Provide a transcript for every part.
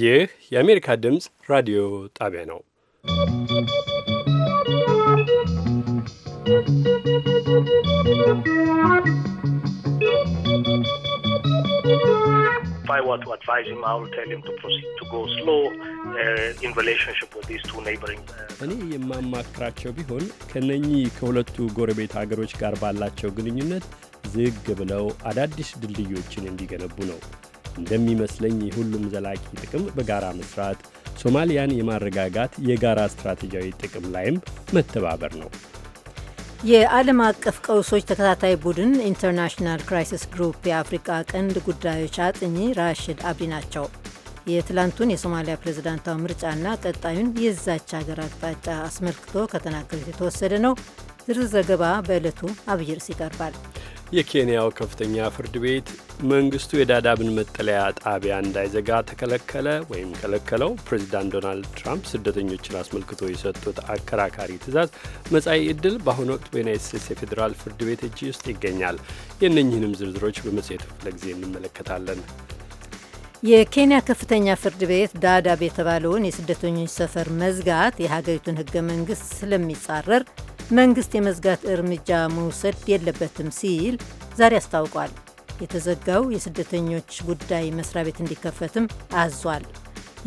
ይህ የአሜሪካ ድምፅ ራዲዮ ጣቢያ ነው። uh, uh, እኔ የማማክራቸው ቢሆን ከነኚህ ከሁለቱ ጎረቤት ሀገሮች ጋር ባላቸው ግንኙነት ዝግ ብለው አዳዲስ ድልድዮችን እንዲገነቡ ነው። እንደሚመስለኝ የሁሉም ዘላቂ ጥቅም በጋራ መስራት፣ ሶማሊያን የማረጋጋት የጋራ ስትራቴጂያዊ ጥቅም ላይም መተባበር ነው። የዓለም አቀፍ ቀውሶች ተከታታይ ቡድን ኢንተርናሽናል ክራይሲስ ግሩፕ የአፍሪቃ ቀንድ ጉዳዮች አጥኚ ራሽድ አብዲ ናቸው። የትላንቱን የሶማሊያ ፕሬዝዳንታዊ ምርጫና ቀጣዩን የዛች ሀገር አቅጣጫ አስመልክቶ ከተናገሩት የተወሰደ ነው። ዝርዝር ዘገባ በዕለቱ አብይ ርዕስ ይቀርባል። የኬንያው ከፍተኛ ፍርድ ቤት መንግስቱ የዳዳብን መጠለያ ጣቢያ እንዳይዘጋ ተከለከለ ወይም ከለከለው። ፕሬዚዳንት ዶናልድ ትራምፕ ስደተኞችን አስመልክቶ የሰጡት አከራካሪ ትዕዛዝ መጻኢ ዕድል በአሁኑ ወቅት በዩናይት ስቴትስ የፌዴራል ፍርድ ቤት እጅ ውስጥ ይገኛል። የእነኝህንም ዝርዝሮች በመጽሔቱ ክፍለ ጊዜ እንመለከታለን። የኬንያ ከፍተኛ ፍርድ ቤት ዳዳብ የተባለውን የስደተኞች ሰፈር መዝጋት የሀገሪቱን ህገ መንግስት ስለሚጻረር መንግስት የመዝጋት እርምጃ መውሰድ የለበትም ሲል ዛሬ አስታውቋል። የተዘጋው የስደተኞች ጉዳይ መስሪያ ቤት እንዲከፈትም አዟል።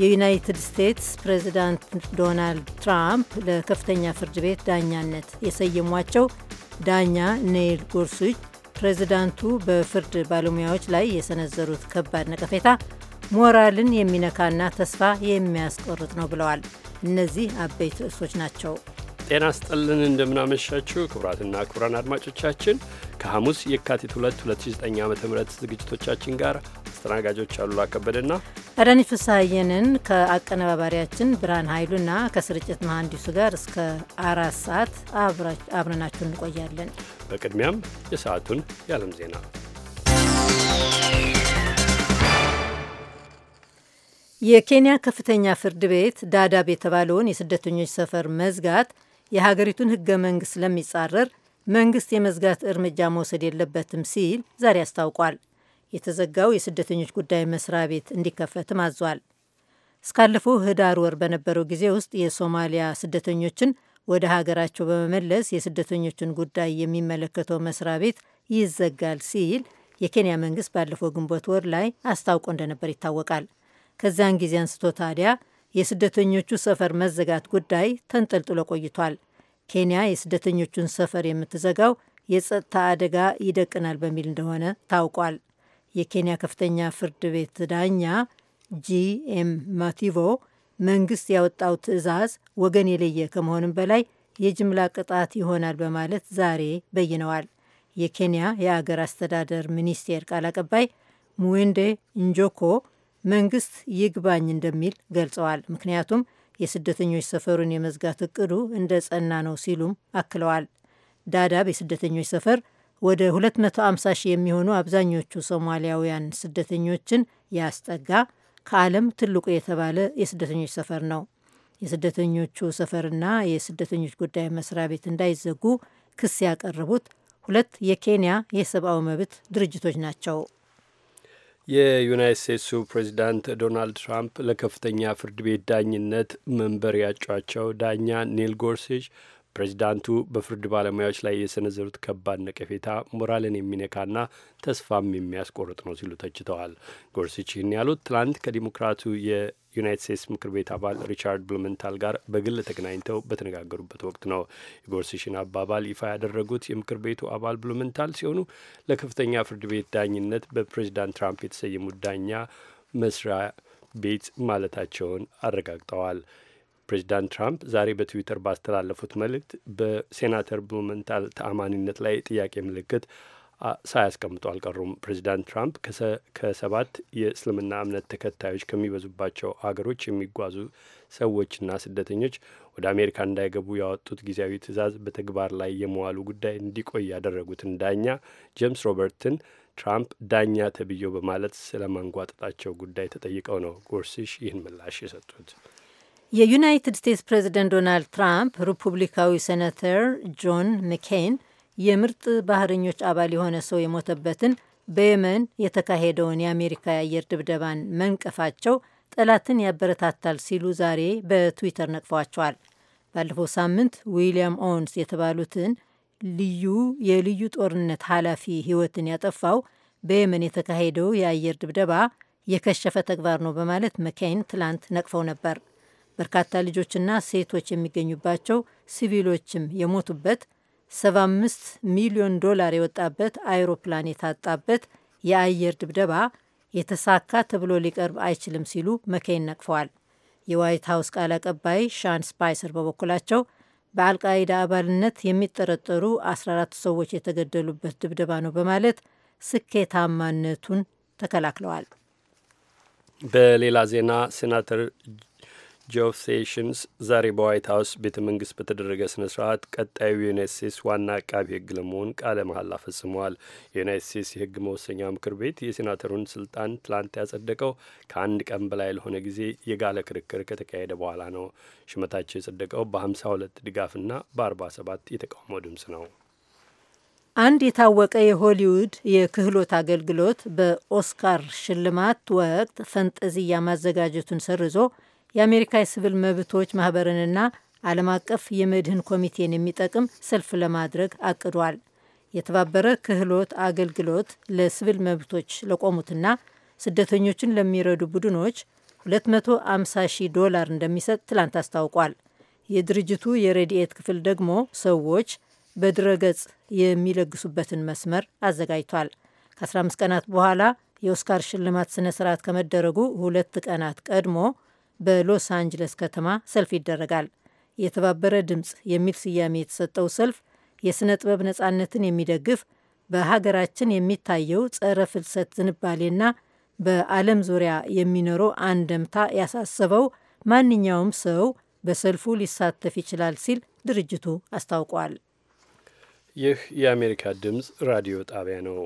የዩናይትድ ስቴትስ ፕሬዚዳንት ዶናልድ ትራምፕ ለከፍተኛ ፍርድ ቤት ዳኛነት የሰየሟቸው ዳኛ ኔይል ጎርሱች ፕሬዚዳንቱ በፍርድ ባለሙያዎች ላይ የሰነዘሩት ከባድ ነቀፌታ ሞራልን የሚነካና ተስፋ የሚያስቆርጥ ነው ብለዋል። እነዚህ አበይት ርዕሶች ናቸው። ጤና ስጥልን እንደምናመሻችው ክቡራትና ክቡራን አድማጮቻችን ከሐሙስ የካቲት 2 2009 ዓ ም ዝግጅቶቻችን ጋር አስተናጋጆች አሉላ ከበደና አዳነች ፍስሐየንን ከአቀነባባሪያችን ብርሃን ኃይሉና ከስርጭት መሐንዲሱ ጋር እስከ አራት ሰዓት አብረናችሁ እንቆያለን። በቅድሚያም የሰዓቱን የዓለም ዜና የኬንያ ከፍተኛ ፍርድ ቤት ዳዳብ የተባለውን የስደተኞች ሰፈር መዝጋት የሀገሪቱን ህገ መንግስት ስለሚጻረር መንግስት የመዝጋት እርምጃ መውሰድ የለበትም ሲል ዛሬ አስታውቋል። የተዘጋው የስደተኞች ጉዳይ መስሪያ ቤት እንዲከፈትም አዟል። እስካለፈው ህዳር ወር በነበረው ጊዜ ውስጥ የሶማሊያ ስደተኞችን ወደ ሀገራቸው በመመለስ የስደተኞችን ጉዳይ የሚመለከተው መስሪያ ቤት ይዘጋል ሲል የኬንያ መንግስት ባለፈው ግንቦት ወር ላይ አስታውቆ እንደነበር ይታወቃል። ከዚያን ጊዜ አንስቶ ታዲያ የስደተኞቹ ሰፈር መዘጋት ጉዳይ ተንጠልጥሎ ቆይቷል። ኬንያ የስደተኞቹን ሰፈር የምትዘጋው የጸጥታ አደጋ ይደቅናል በሚል እንደሆነ ታውቋል። የኬንያ ከፍተኛ ፍርድ ቤት ዳኛ ጂኤም ማቲቮ መንግስት ያወጣው ትዕዛዝ ወገን የለየ ከመሆንም በላይ የጅምላ ቅጣት ይሆናል በማለት ዛሬ በይነዋል። የኬንያ የአገር አስተዳደር ሚኒስቴር ቃል አቀባይ ሙዌንዴ እንጆኮ መንግስት ይግባኝ እንደሚል ገልጸዋል። ምክንያቱም የስደተኞች ሰፈሩን የመዝጋት እቅዱ እንደ ጸና ነው ሲሉም አክለዋል። ዳዳብ የስደተኞች ሰፈር ወደ 250 ሺህ የሚሆኑ አብዛኞቹ ሶማሊያውያን ስደተኞችን ያስጠጋ ከዓለም ትልቁ የተባለ የስደተኞች ሰፈር ነው። የስደተኞቹ ሰፈርና የስደተኞች ጉዳይ መስሪያ ቤት እንዳይዘጉ ክስ ያቀረቡት ሁለት የኬንያ የሰብአዊ መብት ድርጅቶች ናቸው። የዩናይት ስቴትሱ ፕሬዚዳንት ዶናልድ ትራምፕ ለከፍተኛ ፍርድ ቤት ዳኝነት መንበር ያጯቸው ዳኛ ኒል ጎርሴጅ ፕሬዚዳንቱ በፍርድ ባለሙያዎች ላይ የሰነዘሩት ከባድ ነቀፌታ ሞራልን የሚነካና ተስፋም የሚያስቆርጥ ነው ሲሉ ተችተዋል። ጎርሲች ይህን ያሉት ትላንት ከዲሞክራቱ የዩናይት ስቴትስ ምክር ቤት አባል ሪቻርድ ብሉመንታል ጋር በግል ተገናኝተው በተነጋገሩበት ወቅት ነው። የጎርሲችን አባባል ይፋ ያደረጉት የምክር ቤቱ አባል ብሉመንታል ሲሆኑ ለከፍተኛ ፍርድ ቤት ዳኝነት በፕሬዚዳንት ትራምፕ የተሰየሙት ዳኛ መስሪያ ቤት ማለታቸውን አረጋግጠዋል። ፕሬዚዳንት ትራምፕ ዛሬ በትዊተር ባስተላለፉት መልእክት በሴናተር ብሉመንታል ተአማኒነት ላይ ጥያቄ ምልክት ሳያስቀምጡ አልቀሩም። ፕሬዚዳንት ትራምፕ ከሰባት የእስልምና እምነት ተከታዮች ከሚበዙባቸው አገሮች የሚጓዙ ሰዎችና ስደተኞች ወደ አሜሪካ እንዳይገቡ ያወጡት ጊዜያዊ ትዕዛዝ በተግባር ላይ የመዋሉ ጉዳይ እንዲቆይ ያደረጉትን ዳኛ ጄምስ ሮበርትን ትራምፕ ዳኛ ተብዬው በማለት ማንጓጠጣቸው ጉዳይ ተጠይቀው ነው ጎርሲሽ ይህን ምላሽ የሰጡት። የዩናይትድ ስቴትስ ፕሬዚደንት ዶናልድ ትራምፕ ሪፑብሊካዊ ሴናተር ጆን መኬን የምርጥ ባህረኞች አባል የሆነ ሰው የሞተበትን በየመን የተካሄደውን የአሜሪካ የአየር ድብደባን መንቀፋቸው ጠላትን ያበረታታል ሲሉ ዛሬ በትዊተር ነቅፈዋቸዋል። ባለፈው ሳምንት ዊሊያም ኦውንስ የተባሉትን ልዩ የልዩ ጦርነት ኃላፊ ሕይወትን ያጠፋው በየመን የተካሄደው የአየር ድብደባ የከሸፈ ተግባር ነው በማለት መኬን ትላንት ነቅፈው ነበር። በርካታ ልጆችና ሴቶች የሚገኙባቸው ሲቪሎችም የሞቱበት 75 ሚሊዮን ዶላር የወጣበት አይሮፕላን የታጣበት የአየር ድብደባ የተሳካ ተብሎ ሊቀርብ አይችልም ሲሉ መኬን ነቅፈዋል። የዋይት ሀውስ ቃል አቀባይ ሻን ስፓይሰር በበኩላቸው በአልቃይዳ አባልነት የሚጠረጠሩ 14 ሰዎች የተገደሉበት ድብደባ ነው በማለት ስኬታማነቱን ተከላክለዋል። በሌላ ዜና ሴናተር ጆፍ ሴሽንስ ዛሬ በዋይት ሀውስ ቤተ መንግስት በተደረገ ስነ ስርዓት ቀጣዩ የዩናይት ስቴትስ ዋና አቃቢ ህግ ለመሆን ቃለ መሐላ ፈጽመዋል። የዩናይት ስቴትስ የሕግ መወሰኛ ምክር ቤት የሴናተሩን ስልጣን ትላንት ያጸደቀው ከአንድ ቀን በላይ ለሆነ ጊዜ የጋለ ክርክር ከተካሄደ በኋላ ነው። ሹመታቸው የጸደቀው በሀምሳ ሁለት ድጋፍና በ ሰባት የተቃውሞ ድምፅ ነው። አንድ የታወቀ የሆሊውድ የክህሎት አገልግሎት በኦስካር ሽልማት ወቅት ፈንጠዝያ ማዘጋጀቱን ሰርዞ የአሜሪካ የሲቪል መብቶች ማህበርንና ዓለም አቀፍ የመድህን ኮሚቴን የሚጠቅም ሰልፍ ለማድረግ አቅዷል። የተባበረ ክህሎት አገልግሎት ለሲቪል መብቶች ለቆሙትና ስደተኞችን ለሚረዱ ቡድኖች 250 ሺህ ዶላር እንደሚሰጥ ትላንት አስታውቋል። የድርጅቱ የረድኤት ክፍል ደግሞ ሰዎች በድረገጽ የሚለግሱበትን መስመር አዘጋጅቷል። ከ15 ቀናት በኋላ የኦስካር ሽልማት ስነ ስርዓት ከመደረጉ ሁለት ቀናት ቀድሞ በሎስ አንጅለስ ከተማ ሰልፍ ይደረጋል። የተባበረ ድምፅ የሚል ስያሜ የተሰጠው ሰልፍ የሥነ ጥበብ ነጻነትን የሚደግፍ በሀገራችን የሚታየው ጸረ ፍልሰት ዝንባሌና በዓለም ዙሪያ የሚኖረው አንደምታ ያሳሰበው ማንኛውም ሰው በሰልፉ ሊሳተፍ ይችላል ሲል ድርጅቱ አስታውቋል። ይህ የአሜሪካ ድምፅ ራዲዮ ጣቢያ ነው።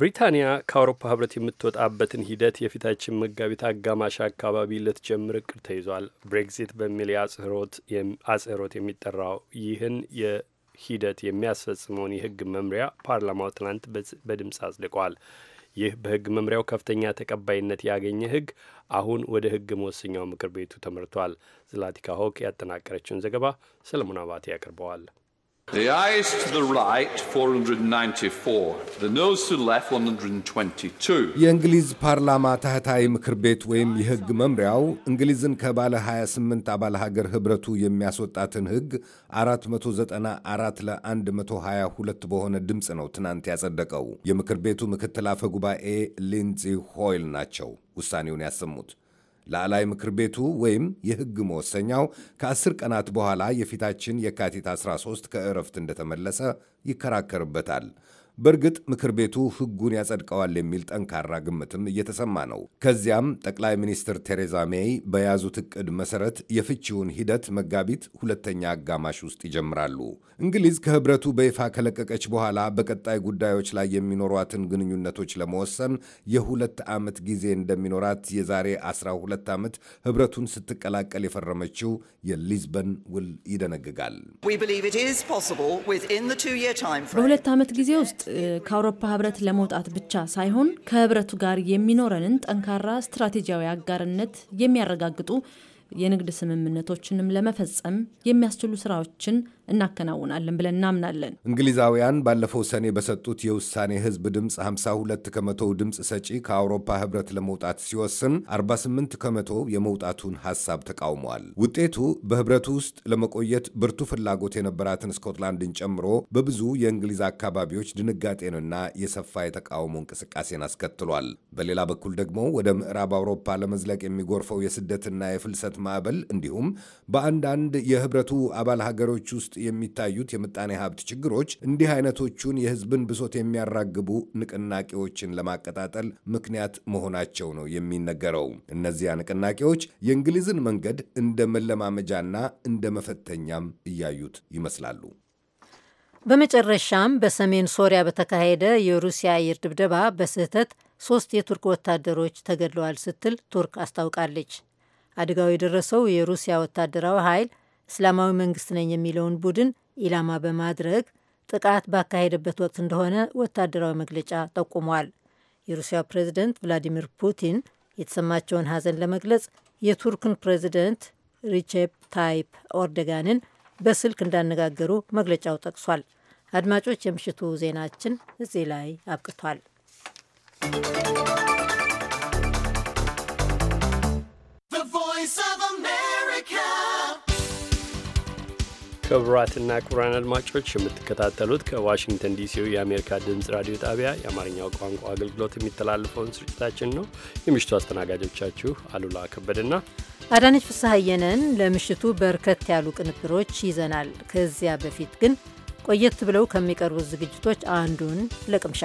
ብሪታንያ ከአውሮፓ ህብረት የምትወጣበትን ሂደት የፊታችን መጋቢት አጋማሽ አካባቢ ልትጀምር እቅድ ተይዟል። ብሬግዚት በሚል አጽህሮት የሚጠራው ይህን ሂደት የሚያስፈጽመውን የህግ መምሪያ ፓርላማው ትናንት በድምፅ አጽድቋል። ይህ በህግ መምሪያው ከፍተኛ ተቀባይነት ያገኘ ህግ አሁን ወደ ህግ መወሰኛው ምክር ቤቱ ተመርቷል። ዝላቲካ ሆክ ያጠናቀረችውን ዘገባ ሰለሞን አባቴ ያቀርበዋል። The eyes to the right 494, the nose to the left 122. የእንግሊዝ ፓርላማ ታህታይ ምክር ቤት ወይም የሕግ መምሪያው እንግሊዝን ከባለ 28 አባል ሀገር ኅብረቱ የሚያስወጣትን ሕግ 494 ለ122 በሆነ ድምፅ ነው ትናንት ያጸደቀው። የምክር ቤቱ ምክትል አፈ ጉባኤ ሊንዚ ሆይል ናቸው ውሳኔውን ያሰሙት። ላዕላይ ምክር ቤቱ ወይም የሕግ መወሰኛው ከአስር ቀናት በኋላ የፊታችን የካቲት 13 ከእረፍት እንደተመለሰ ይከራከርበታል። በእርግጥ ምክር ቤቱ ሕጉን ያጸድቀዋል የሚል ጠንካራ ግምትም እየተሰማ ነው። ከዚያም ጠቅላይ ሚኒስትር ቴሬዛ ሜይ በያዙት እቅድ መሰረት የፍቺውን ሂደት መጋቢት ሁለተኛ አጋማሽ ውስጥ ይጀምራሉ። እንግሊዝ ከህብረቱ በይፋ ከለቀቀች በኋላ በቀጣይ ጉዳዮች ላይ የሚኖሯትን ግንኙነቶች ለመወሰን የሁለት ዓመት ጊዜ እንደሚኖራት የዛሬ 12 ዓመት ህብረቱን ስትቀላቀል የፈረመችው የሊዝበን ውል ይደነግጋል። በሁለት ዓመት ጊዜ ውስጥ ከአውሮፓ ህብረት ለመውጣት ብቻ ሳይሆን ከህብረቱ ጋር የሚኖረንን ጠንካራ ስትራቴጂያዊ አጋርነት የሚያረጋግጡ የንግድ ስምምነቶችንም ለመፈጸም የሚያስችሉ ስራዎችን እናከናውናለን ብለን እናምናለን። እንግሊዛውያን ባለፈው ሰኔ በሰጡት የውሳኔ ህዝብ ድምፅ 52 ከመቶ ድምፅ ሰጪ ከአውሮፓ ህብረት ለመውጣት ሲወስን 48 ከመቶ የመውጣቱን ሀሳብ ተቃውመዋል። ውጤቱ በህብረቱ ውስጥ ለመቆየት ብርቱ ፍላጎት የነበራትን ስኮትላንድን ጨምሮ በብዙ የእንግሊዝ አካባቢዎች ድንጋጤንና የሰፋ የተቃውሞ እንቅስቃሴን አስከትሏል። በሌላ በኩል ደግሞ ወደ ምዕራብ አውሮፓ ለመዝለቅ የሚጎርፈው የስደትና የፍልሰት ማዕበል እንዲሁም በአንዳንድ የህብረቱ አባል ሀገሮች ውስጥ የሚታዩት የምጣኔ ሀብት ችግሮች እንዲህ አይነቶቹን የህዝብን ብሶት የሚያራግቡ ንቅናቄዎችን ለማቀጣጠል ምክንያት መሆናቸው ነው የሚነገረው። እነዚያ ንቅናቄዎች የእንግሊዝን መንገድ እንደ መለማመጃና እንደ መፈተኛም እያዩት ይመስላሉ። በመጨረሻም በሰሜን ሶሪያ በተካሄደ የሩሲያ አየር ድብደባ በስህተት ሶስት የቱርክ ወታደሮች ተገድለዋል ስትል ቱርክ አስታውቃለች። አደጋው የደረሰው የሩሲያ ወታደራዊ ኃይል እስላማዊ መንግስት ነኝ የሚለውን ቡድን ኢላማ በማድረግ ጥቃት ባካሄደበት ወቅት እንደሆነ ወታደራዊ መግለጫ ጠቁሟል። የሩሲያ ፕሬዚደንት ቭላዲሚር ፑቲን የተሰማቸውን ሐዘን ለመግለጽ የቱርክን ፕሬዚደንት ሪቼፕ ታይፕ ኦርደጋንን በስልክ እንዳነጋገሩ መግለጫው ጠቅሷል። አድማጮች፣ የምሽቱ ዜናችን እዚህ ላይ አብቅቷል። ክቡራትና ክቡራን አድማጮች የምትከታተሉት ከዋሽንግተን ዲሲው የአሜሪካ ድምፅ ራዲዮ ጣቢያ የአማርኛው ቋንቋ አገልግሎት የሚተላለፈውን ስርጭታችን ነው። የምሽቱ አስተናጋጆቻችሁ አሉላ ከበድና አዳነች ፍስሐየንን። ለምሽቱ በርከት ያሉ ቅንብሮች ይዘናል። ከዚያ በፊት ግን ቆየት ብለው ከሚቀርቡት ዝግጅቶች አንዱን ለቅምሻ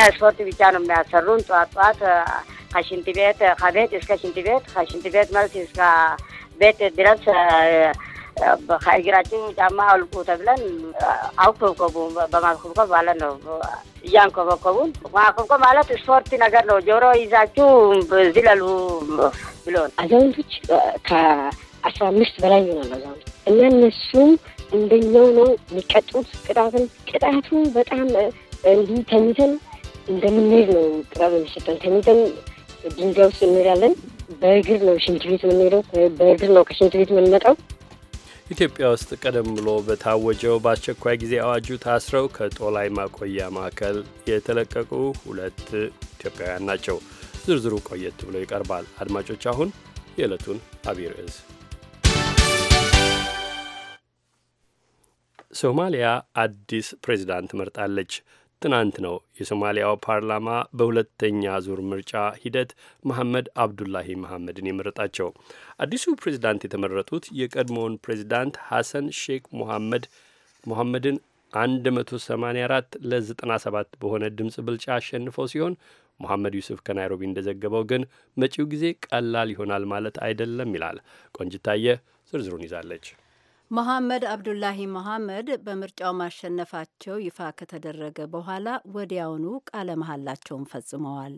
ያ ስፖርት ብቻ ነው የሚያሰሩን። ጠዋት ጠዋት ከሽንት ቤት ከቤት እስከ ሽንት ቤት ከሽንት ቤት መልስ እስከ ቤት ድረስ ከእግራችን ጫማ አውልቁ ተብለን አውከብከቡ በማክብከብ ማለት ነው። እያንከበከቡን ማክብከብ ማለት ስፖርት ነገር ነው። ጆሮ ይዛችሁ ዝለሉ ብሎን አዛውንቶች ከአስራ አምስት በላይ ይሆናል አዛውንት እና እነሱም እንደኛው ነው የሚቀጡት። ቅጣትን ቅጣቱ በጣም እንዲህ ተኝተን እንደምንሄድ ነው ቅጣት የሚሰጠን። ተኝተን ድንጋይ ውስጥ እንሄዳለን። በእግር ነው ሽንት ቤት የምንሄደው። በእግር ነው ከሽንት ቤት የምንመጣው። ኢትዮጵያ ውስጥ ቀደም ብሎ በታወጀው በአስቸኳይ ጊዜ አዋጁ ታስረው ከጦላይ ማቆያ ማዕከል የተለቀቁ ሁለት ኢትዮጵያውያን ናቸው። ዝርዝሩ ቆየት ብሎ ይቀርባል። አድማጮች፣ አሁን የዕለቱን አብይ ርዕስ ሶማሊያ አዲስ ፕሬዚዳንት መርጣለች። ትናንት ነው የሶማሊያው ፓርላማ በሁለተኛ ዙር ምርጫ ሂደት መሐመድ አብዱላሂ መሐመድን የመረጣቸው። አዲሱ ፕሬዚዳንት የተመረጡት የቀድሞውን ፕሬዚዳንት ሐሰን ሼክ ሙሐመድ ሙሐመድን 184 ለ97 በሆነ ድምፅ ብልጫ አሸንፈው ሲሆን ሙሐመድ ዩስፍ ከናይሮቢ እንደዘገበው ግን መጪው ጊዜ ቀላል ይሆናል ማለት አይደለም ይላል። ቆንጅታየ ዝርዝሩን ይዛለች። መሐመድ አብዱላሂ መሐመድ በምርጫው ማሸነፋቸው ይፋ ከተደረገ በኋላ ወዲያውኑ ቃለ መሐላቸውን ፈጽመዋል።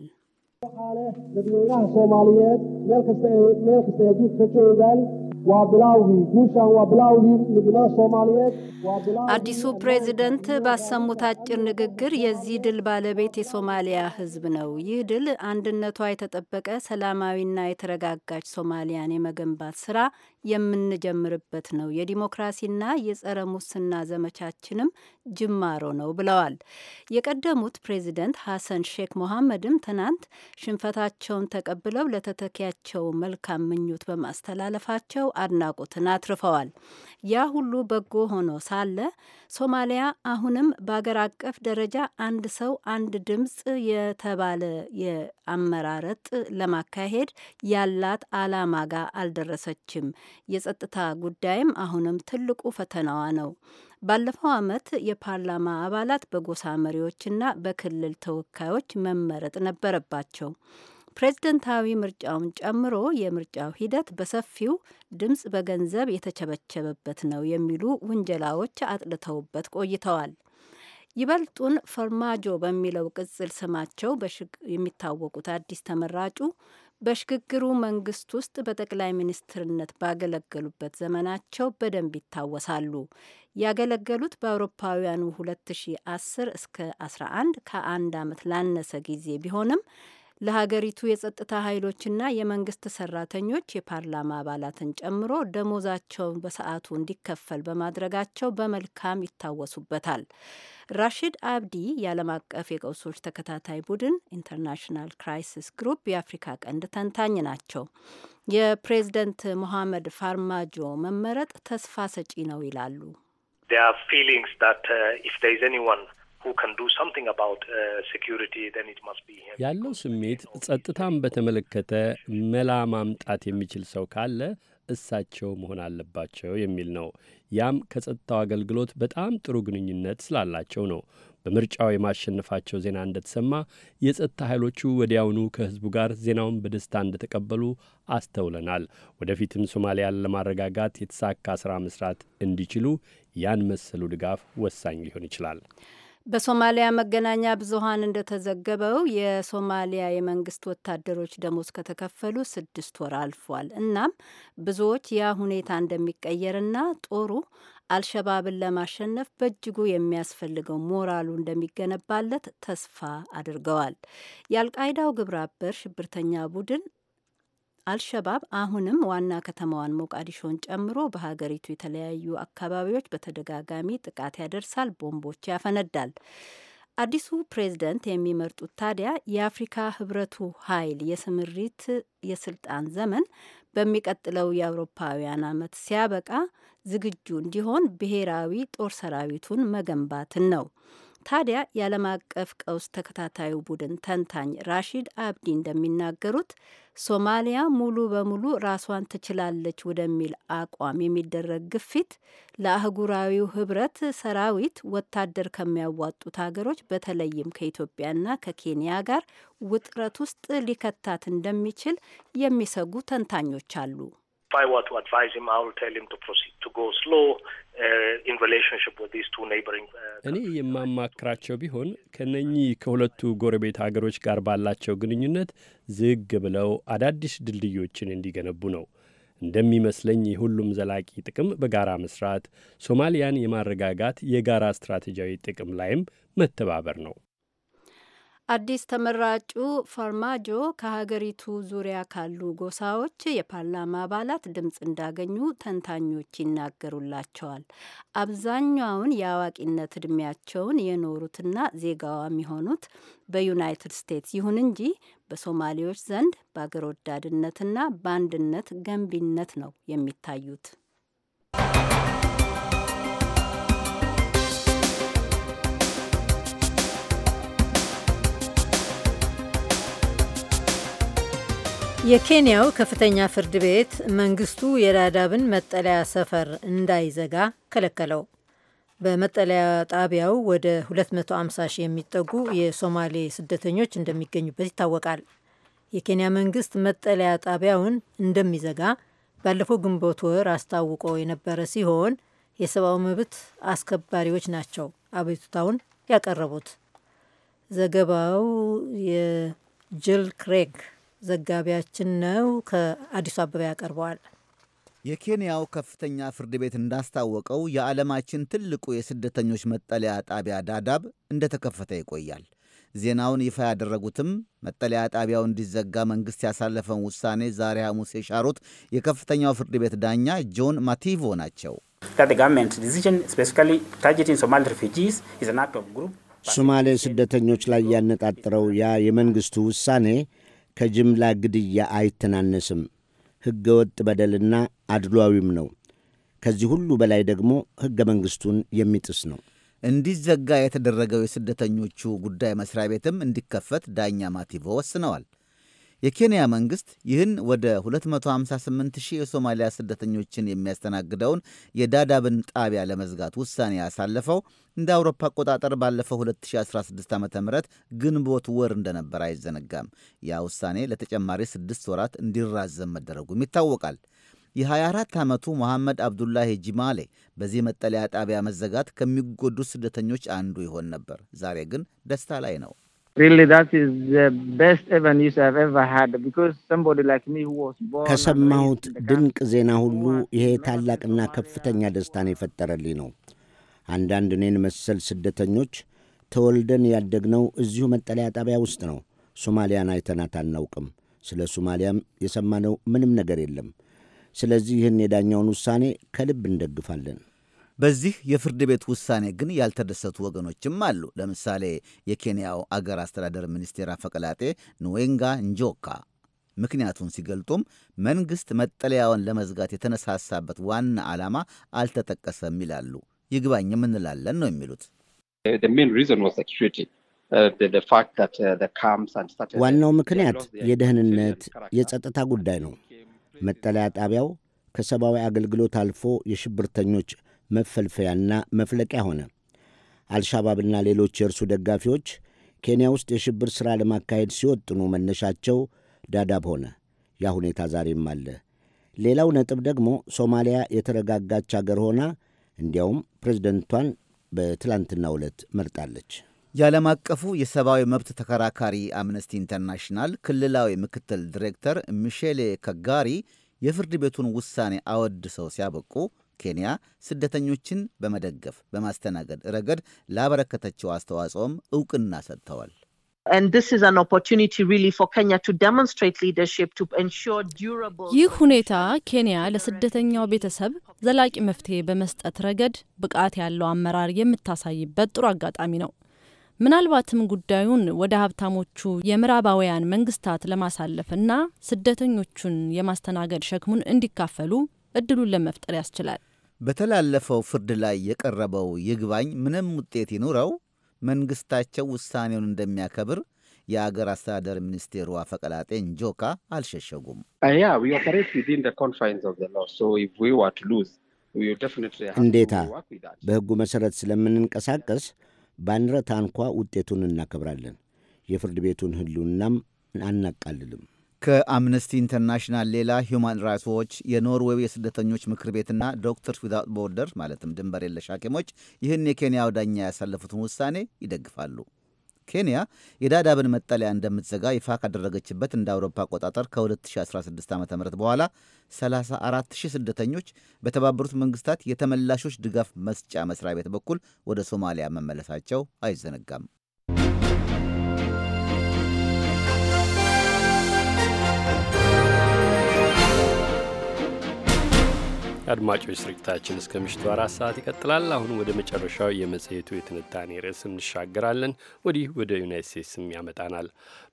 አዲሱ ፕሬዚደንት ባሰሙት አጭር ንግግር የዚህ ድል ባለቤት የሶማሊያ ሕዝብ ነው። ይህ ድል አንድነቷ የተጠበቀ ሰላማዊና የተረጋጋች ሶማሊያን የመገንባት ስራ የምንጀምርበት ነው። የዲሞክራሲና የጸረ ሙስና ዘመቻችንም ጅማሮ ነው ብለዋል። የቀደሙት ፕሬዚደንት ሐሰን ሼክ ሞሐመድም ትናንት ሽንፈታቸውን ተቀብለው ለተተኪያቸው መልካም ምኞት በማስተላለፋቸው አድናቆትን አትርፈዋል። ያ ሁሉ በጎ ሆኖ ሳለ ሶማሊያ አሁንም በአገር አቀፍ ደረጃ አንድ ሰው አንድ ድምፅ የተባለ የአመራረጥ ለማካሄድ ያላት አላማ ጋር አልደረሰችም። የጸጥታ ጉዳይም አሁንም ትልቁ ፈተናዋ ነው። ባለፈው ዓመት የፓርላማ አባላት በጎሳ መሪዎችና በክልል ተወካዮች መመረጥ ነበረባቸው። ፕሬዝደንታዊ ምርጫውን ጨምሮ የምርጫው ሂደት በሰፊው ድምፅ በገንዘብ የተቸበቸበበት ነው የሚሉ ውንጀላዎች አጥልተውበት ቆይተዋል። ይበልጡን ፈርማጆ በሚለው ቅጽል ስማቸው የሚታወቁት አዲስ ተመራጩ በሽግግሩ መንግስት ውስጥ በጠቅላይ ሚኒስትርነት ባገለገሉበት ዘመናቸው በደንብ ይታወሳሉ። ያገለገሉት በአውሮፓውያኑ 2010 እስከ 11 ከአንድ ዓመት ላነሰ ጊዜ ቢሆንም ለሀገሪቱ የጸጥታ ኃይሎችና የመንግስት ሰራተኞች የፓርላማ አባላትን ጨምሮ ደሞዛቸውን በሰዓቱ እንዲከፈል በማድረጋቸው በመልካም ይታወሱበታል። ራሽድ አብዲ የዓለም አቀፍ የቀውሶች ተከታታይ ቡድን ኢንተርናሽናል ክራይሲስ ግሩፕ የአፍሪካ ቀንድ ተንታኝ ናቸው። የፕሬዝደንት ሞሐመድ ፋርማጆ መመረጥ ተስፋ ሰጪ ነው ይላሉ። Uh, ያለው ስሜት ጸጥታን በተመለከተ መላ ማምጣት የሚችል ሰው ካለ እሳቸው መሆን አለባቸው የሚል ነው። ያም ከጸጥታው አገልግሎት በጣም ጥሩ ግንኙነት ስላላቸው ነው። በምርጫው የማሸነፋቸው ዜና እንደተሰማ የጸጥታ ኃይሎቹ ወዲያውኑ ከህዝቡ ጋር ዜናውን በደስታ እንደተቀበሉ አስተውለናል። ወደፊትም ሶማሊያን ለማረጋጋት የተሳካ ስራ መስራት እንዲችሉ ያን መሰሉ ድጋፍ ወሳኝ ሊሆን ይችላል። በሶማሊያ መገናኛ ብዙሃን እንደተዘገበው የሶማሊያ የመንግስት ወታደሮች ደሞዝ ከተከፈሉ ስድስት ወር አልፏል። እናም ብዙዎች ያ ሁኔታ እንደሚቀየርና ጦሩ አልሸባብን ለማሸነፍ በእጅጉ የሚያስፈልገው ሞራሉ እንደሚገነባለት ተስፋ አድርገዋል። የአልቃይዳው ግብረ አበር ሽብርተኛ ቡድን አልሸባብ አሁንም ዋና ከተማዋን ሞቃዲሾን ጨምሮ በሀገሪቱ የተለያዩ አካባቢዎች በተደጋጋሚ ጥቃት ያደርሳል፣ ቦምቦች ያፈነዳል። አዲሱ ፕሬዝደንት የሚመርጡት ታዲያ የአፍሪካ ህብረቱ ኃይል የስምሪት የስልጣን ዘመን በሚቀጥለው የአውሮፓውያን ዓመት ሲያበቃ ዝግጁ እንዲሆን ብሔራዊ ጦር ሰራዊቱን መገንባትን ነው። ታዲያ የዓለም አቀፍ ቀውስ ተከታታዩ ቡድን ተንታኝ ራሺድ አብዲ እንደሚናገሩት ሶማሊያ ሙሉ በሙሉ ራሷን ትችላለች ወደሚል አቋም የሚደረግ ግፊት ለአህጉራዊው ህብረት ሰራዊት ወታደር ከሚያዋጡት ሀገሮች በተለይም ከኢትዮጵያና ከኬንያ ጋር ውጥረት ውስጥ ሊከታት እንደሚችል የሚሰጉ ተንታኞች አሉ። if I were to advise him, I will tell him to proceed to go slow uh, in relationship with these two neighboring. Uh, እኔ የማማክራቸው ቢሆን ከነኚህ ከሁለቱ ጎረቤት ሀገሮች ጋር ባላቸው ግንኙነት ዝግ ብለው አዳዲስ ድልድዮችን እንዲገነቡ ነው። እንደሚመስለኝ የሁሉም ዘላቂ ጥቅም በጋራ መስራት፣ ሶማሊያን የማረጋጋት የጋራ ስትራቴጂያዊ ጥቅም ላይም መተባበር ነው። አዲስ ተመራጩ ፋርማጆ ከሀገሪቱ ዙሪያ ካሉ ጎሳዎች የፓርላማ አባላት ድምፅ እንዳገኙ ተንታኞች ይናገሩላቸዋል። አብዛኛውን የአዋቂነት እድሜያቸውን የኖሩትና ዜጋዋ የሚሆኑት በዩናይትድ ስቴትስ ይሁን እንጂ በሶማሌዎች ዘንድ በአገር ወዳድነትና በአንድነት ገንቢነት ነው የሚታዩት። የኬንያው ከፍተኛ ፍርድ ቤት መንግስቱ የዳዳብን መጠለያ ሰፈር እንዳይዘጋ ከለከለው። በመጠለያ ጣቢያው ወደ 250 ሺህ የሚጠጉ የሶማሌ ስደተኞች እንደሚገኙበት ይታወቃል። የኬንያ መንግስት መጠለያ ጣቢያውን እንደሚዘጋ ባለፈው ግንቦት ወር አስታውቆ የነበረ ሲሆን የሰብአዊ መብት አስከባሪዎች ናቸው አቤቱታውን ያቀረቡት። ዘገባው የጅል ክሬግ ዘጋቢያችን ነው፣ ከአዲሱ አበባ ያቀርበዋል። የኬንያው ከፍተኛ ፍርድ ቤት እንዳስታወቀው የዓለማችን ትልቁ የስደተኞች መጠለያ ጣቢያ ዳዳብ እንደተከፈተ ይቆያል። ዜናውን ይፋ ያደረጉትም መጠለያ ጣቢያው እንዲዘጋ መንግሥት ያሳለፈውን ውሳኔ ዛሬ ሐሙስ የሻሩት የከፍተኛው ፍርድ ቤት ዳኛ ጆን ማቲቮ ናቸው። ሶማሌ ስደተኞች ላይ ያነጣጠረው ያ የመንግሥቱ ውሳኔ ከጅምላ ግድያ አይተናነስም። ሕገ ወጥ በደልና አድሏዊም ነው። ከዚህ ሁሉ በላይ ደግሞ ሕገ መንግሥቱን የሚጥስ ነው። እንዲዘጋ የተደረገው የስደተኞቹ ጉዳይ መስሪያ ቤትም እንዲከፈት ዳኛ ማቲቮ ወስነዋል። የኬንያ መንግሥት ይህን ወደ 258,000 የሶማሊያ ስደተኞችን የሚያስተናግደውን የዳዳብን ጣቢያ ለመዝጋት ውሳኔ ያሳለፈው እንደ አውሮፓ አቆጣጠር ባለፈው 2016 ዓ ም ግንቦት ወር እንደነበር አይዘነጋም። ያ ውሳኔ ለተጨማሪ ስድስት ወራት እንዲራዘም መደረጉም ይታወቃል። የ24 ዓመቱ መሐመድ አብዱላሂ ጂማሌ በዚህ መጠለያ ጣቢያ መዘጋት ከሚጎዱ ስደተኞች አንዱ ይሆን ነበር። ዛሬ ግን ደስታ ላይ ነው። ከሰማሁት ድንቅ ዜና ሁሉ ይሄ ታላቅና ከፍተኛ ደስታን የፈጠረልኝ ነው። አንዳንድ እኔን መሰል ስደተኞች ተወልደን ያደግነው እዚሁ መጠለያ ጣቢያ ውስጥ ነው። ሶማሊያን አይተናት አናውቅም። ስለ ሶማሊያም የሰማነው ምንም ነገር የለም። ስለዚህ ይህን የዳኛውን ውሳኔ ከልብ እንደግፋለን። በዚህ የፍርድ ቤት ውሳኔ ግን ያልተደሰቱ ወገኖችም አሉ። ለምሳሌ የኬንያው አገር አስተዳደር ሚኒስቴር አፈቀላጤ ንዌንጋ እንጆካ ምክንያቱን ሲገልጡም መንግሥት መጠለያውን ለመዝጋት የተነሳሳበት ዋና ዓላማ አልተጠቀሰም ይላሉ። ይግባኝም እንላለን ነው የሚሉት። uh, uh, ዋናው ምክንያት የደህንነት የጸጥታ ጉዳይ ነው። መጠለያ ጣቢያው ከሰብአዊ አገልግሎት አልፎ የሽብርተኞች መፈልፈያና መፍለቂያ ሆነ። አልሻባብና ሌሎች የእርሱ ደጋፊዎች ኬንያ ውስጥ የሽብር ሥራ ለማካሄድ ሲወጥኑ መነሻቸው ዳዳብ ሆነ። ያ ሁኔታ ዛሬም አለ። ሌላው ነጥብ ደግሞ ሶማሊያ የተረጋጋች አገር ሆና እንዲያውም ፕሬዝደንቷን በትላንትና ዕለት መርጣለች። የዓለም አቀፉ የሰብአዊ መብት ተከራካሪ አምነስቲ ኢንተርናሽናል ክልላዊ ምክትል ዲሬክተር ሚሼሌ ከጋሪ የፍርድ ቤቱን ውሳኔ አወድሰው ሲያበቁ ኬንያ ስደተኞችን በመደገፍ በማስተናገድ ረገድ ላበረከተችው አስተዋጽኦም እውቅና ሰጥተዋል። ይህ ሁኔታ ኬንያ ለስደተኛው ቤተሰብ ዘላቂ መፍትሄ በመስጠት ረገድ ብቃት ያለው አመራር የምታሳይበት ጥሩ አጋጣሚ ነው። ምናልባትም ጉዳዩን ወደ ሀብታሞቹ የምዕራባውያን መንግስታት ለማሳለፍ እና ስደተኞቹን የማስተናገድ ሸክሙን እንዲካፈሉ እድሉን ለመፍጠር ያስችላል። በተላለፈው ፍርድ ላይ የቀረበው ይግባኝ ምንም ውጤት ይኑረው መንግሥታቸው ውሳኔውን እንደሚያከብር የአገር አስተዳደር ሚኒስቴሩ አፈቀላጤን ጆካ አልሸሸጉም። uh, እንዴታ በሕጉ መሠረት ስለምንንቀሳቀስ ባንረታ እንኳ ውጤቱን እናከብራለን። የፍርድ ቤቱን ሕልውናም አናቃልልም። ከአምነስቲ ኢንተርናሽናል ሌላ ሂውማን ራይትስ ዎች፣ የኖርዌው የስደተኞች ምክር ቤትና ዶክተርስ ዊዛውት ቦርደር ማለትም ድንበር የለሽ ሐኪሞች ይህን የኬንያው ዳኛ ያሳለፉትን ውሳኔ ይደግፋሉ። ኬንያ የዳዳብን መጠለያ እንደምትዘጋ ይፋ ካደረገችበት እንደ አውሮፓ አቆጣጠር ከ2016 ዓ ም በኋላ 34000 ስደተኞች በተባበሩት መንግስታት የተመላሾች ድጋፍ መስጫ መስሪያ ቤት በኩል ወደ ሶማሊያ መመለሳቸው አይዘነጋም። አድማጮች ስርጭታችን እስከ ምሽቱ አራት ሰዓት ይቀጥላል። አሁን ወደ መጨረሻው የመጽሔቱ የትንታኔ ርዕስ እንሻገራለን። ወዲህ ወደ ዩናይት ስቴትስም ያመጣናል።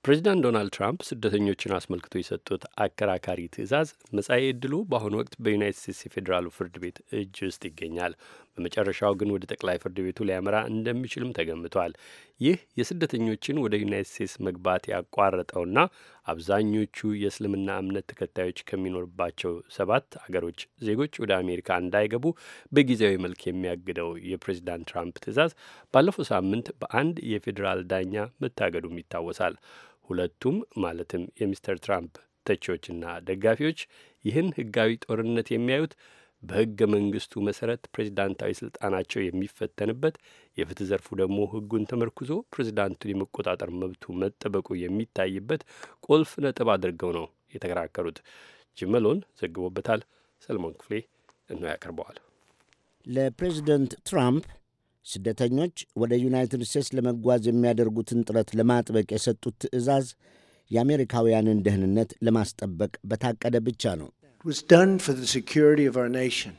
ፕሬዚዳንት ዶናልድ ትራምፕ ስደተኞችን አስመልክቶ የሰጡት አከራካሪ ትዕዛዝ መጻኤ ዕድሉ በአሁኑ ወቅት በዩናይት ስቴትስ የፌዴራሉ ፍርድ ቤት እጅ ውስጥ ይገኛል። በመጨረሻው ግን ወደ ጠቅላይ ፍርድ ቤቱ ሊያመራ እንደሚችልም ተገምቷል። ይህ የስደተኞችን ወደ ዩናይት ስቴትስ መግባት ያቋረጠውና አብዛኞቹ የእስልምና እምነት ተከታዮች ከሚኖርባቸው ሰባት አገሮች ዜጎች ወደ አሜሪካ እንዳይገቡ በጊዜያዊ መልክ የሚያግደው የፕሬዚዳንት ትራምፕ ትዕዛዝ ባለፈው ሳምንት በአንድ የፌዴራል ዳኛ መታገዱም ይታወሳል። ሁለቱም ማለትም የሚስተር ትራምፕ ተቺዎችና ደጋፊዎች ይህን ህጋዊ ጦርነት የሚያዩት በሕገ መንግስቱ መሰረት ፕሬዚዳንታዊ ስልጣናቸው የሚፈተንበት የፍትህ ዘርፉ ደግሞ ሕጉን ተመርኩዞ ፕሬዚዳንቱን የመቆጣጠር መብቱ መጠበቁ የሚታይበት ቁልፍ ነጥብ አድርገው ነው የተከራከሩት። ጅመሎን ዘግቦበታል። ሰለሞን ክፍሌ እኖ ያቀርበዋል። ለፕሬዚደንት ትራምፕ ስደተኞች ወደ ዩናይትድ ስቴትስ ለመጓዝ የሚያደርጉትን ጥረት ለማጥበቅ የሰጡት ትዕዛዝ የአሜሪካውያንን ደህንነት ለማስጠበቅ በታቀደ ብቻ ነው። was done for the security of our nation.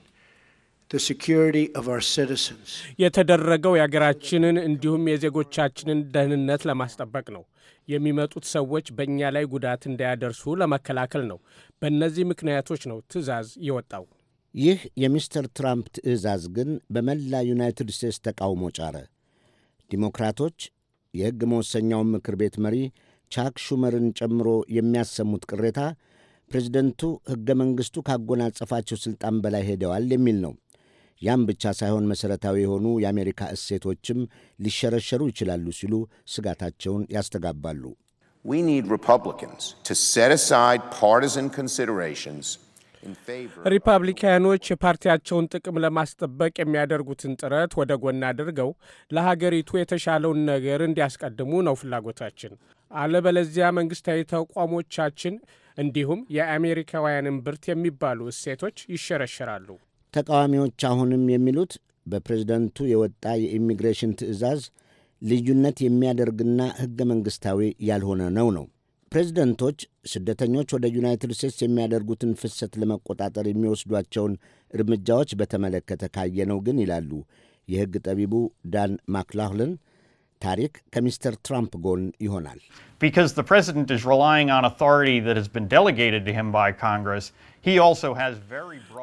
የተደረገው የአገራችንን እንዲሁም የዜጎቻችንን ደህንነት ለማስጠበቅ ነው። የሚመጡት ሰዎች በእኛ ላይ ጉዳት እንዳያደርሱ ለመከላከል ነው። በእነዚህ ምክንያቶች ነው ትዕዛዝ የወጣው። ይህ የሚስተር ትራምፕ ትዕዛዝ ግን በመላ ዩናይትድ ስቴትስ ተቃውሞ ጫረ። ዲሞክራቶች የሕግ መወሰኛውን ምክር ቤት መሪ ቻክ ሹመርን ጨምሮ የሚያሰሙት ቅሬታ ፕሬዚደንቱ ሕገ መንግሥቱ ካጎናጸፋቸው ሥልጣን በላይ ሄደዋል የሚል ነው። ያም ብቻ ሳይሆን መሠረታዊ የሆኑ የአሜሪካ እሴቶችም ሊሸረሸሩ ይችላሉ ሲሉ ስጋታቸውን ያስተጋባሉ። ሪፐብሊካኖች የፓርቲያቸውን ጥቅም ለማስጠበቅ የሚያደርጉትን ጥረት ወደ ጎን አድርገው ለሀገሪቱ የተሻለውን ነገር እንዲያስቀድሙ ነው ፍላጎታችን። አለበለዚያ መንግሥታዊ ተቋሞቻችን እንዲሁም የአሜሪካውያንን ብርት የሚባሉ እሴቶች ይሸረሸራሉ። ተቃዋሚዎች አሁንም የሚሉት በፕሬዝደንቱ የወጣ የኢሚግሬሽን ትዕዛዝ ልዩነት የሚያደርግና ሕገ መንግሥታዊ ያልሆነ ነው ነው ፕሬዝደንቶች ስደተኞች ወደ ዩናይትድ ስቴትስ የሚያደርጉትን ፍሰት ለመቆጣጠር የሚወስዷቸውን እርምጃዎች በተመለከተ ካየነው ግን ይላሉ የሕግ ጠቢቡ ዳን ማክላሁልን ታሪክ ከሚስተር ትራምፕ ጎን ይሆናል።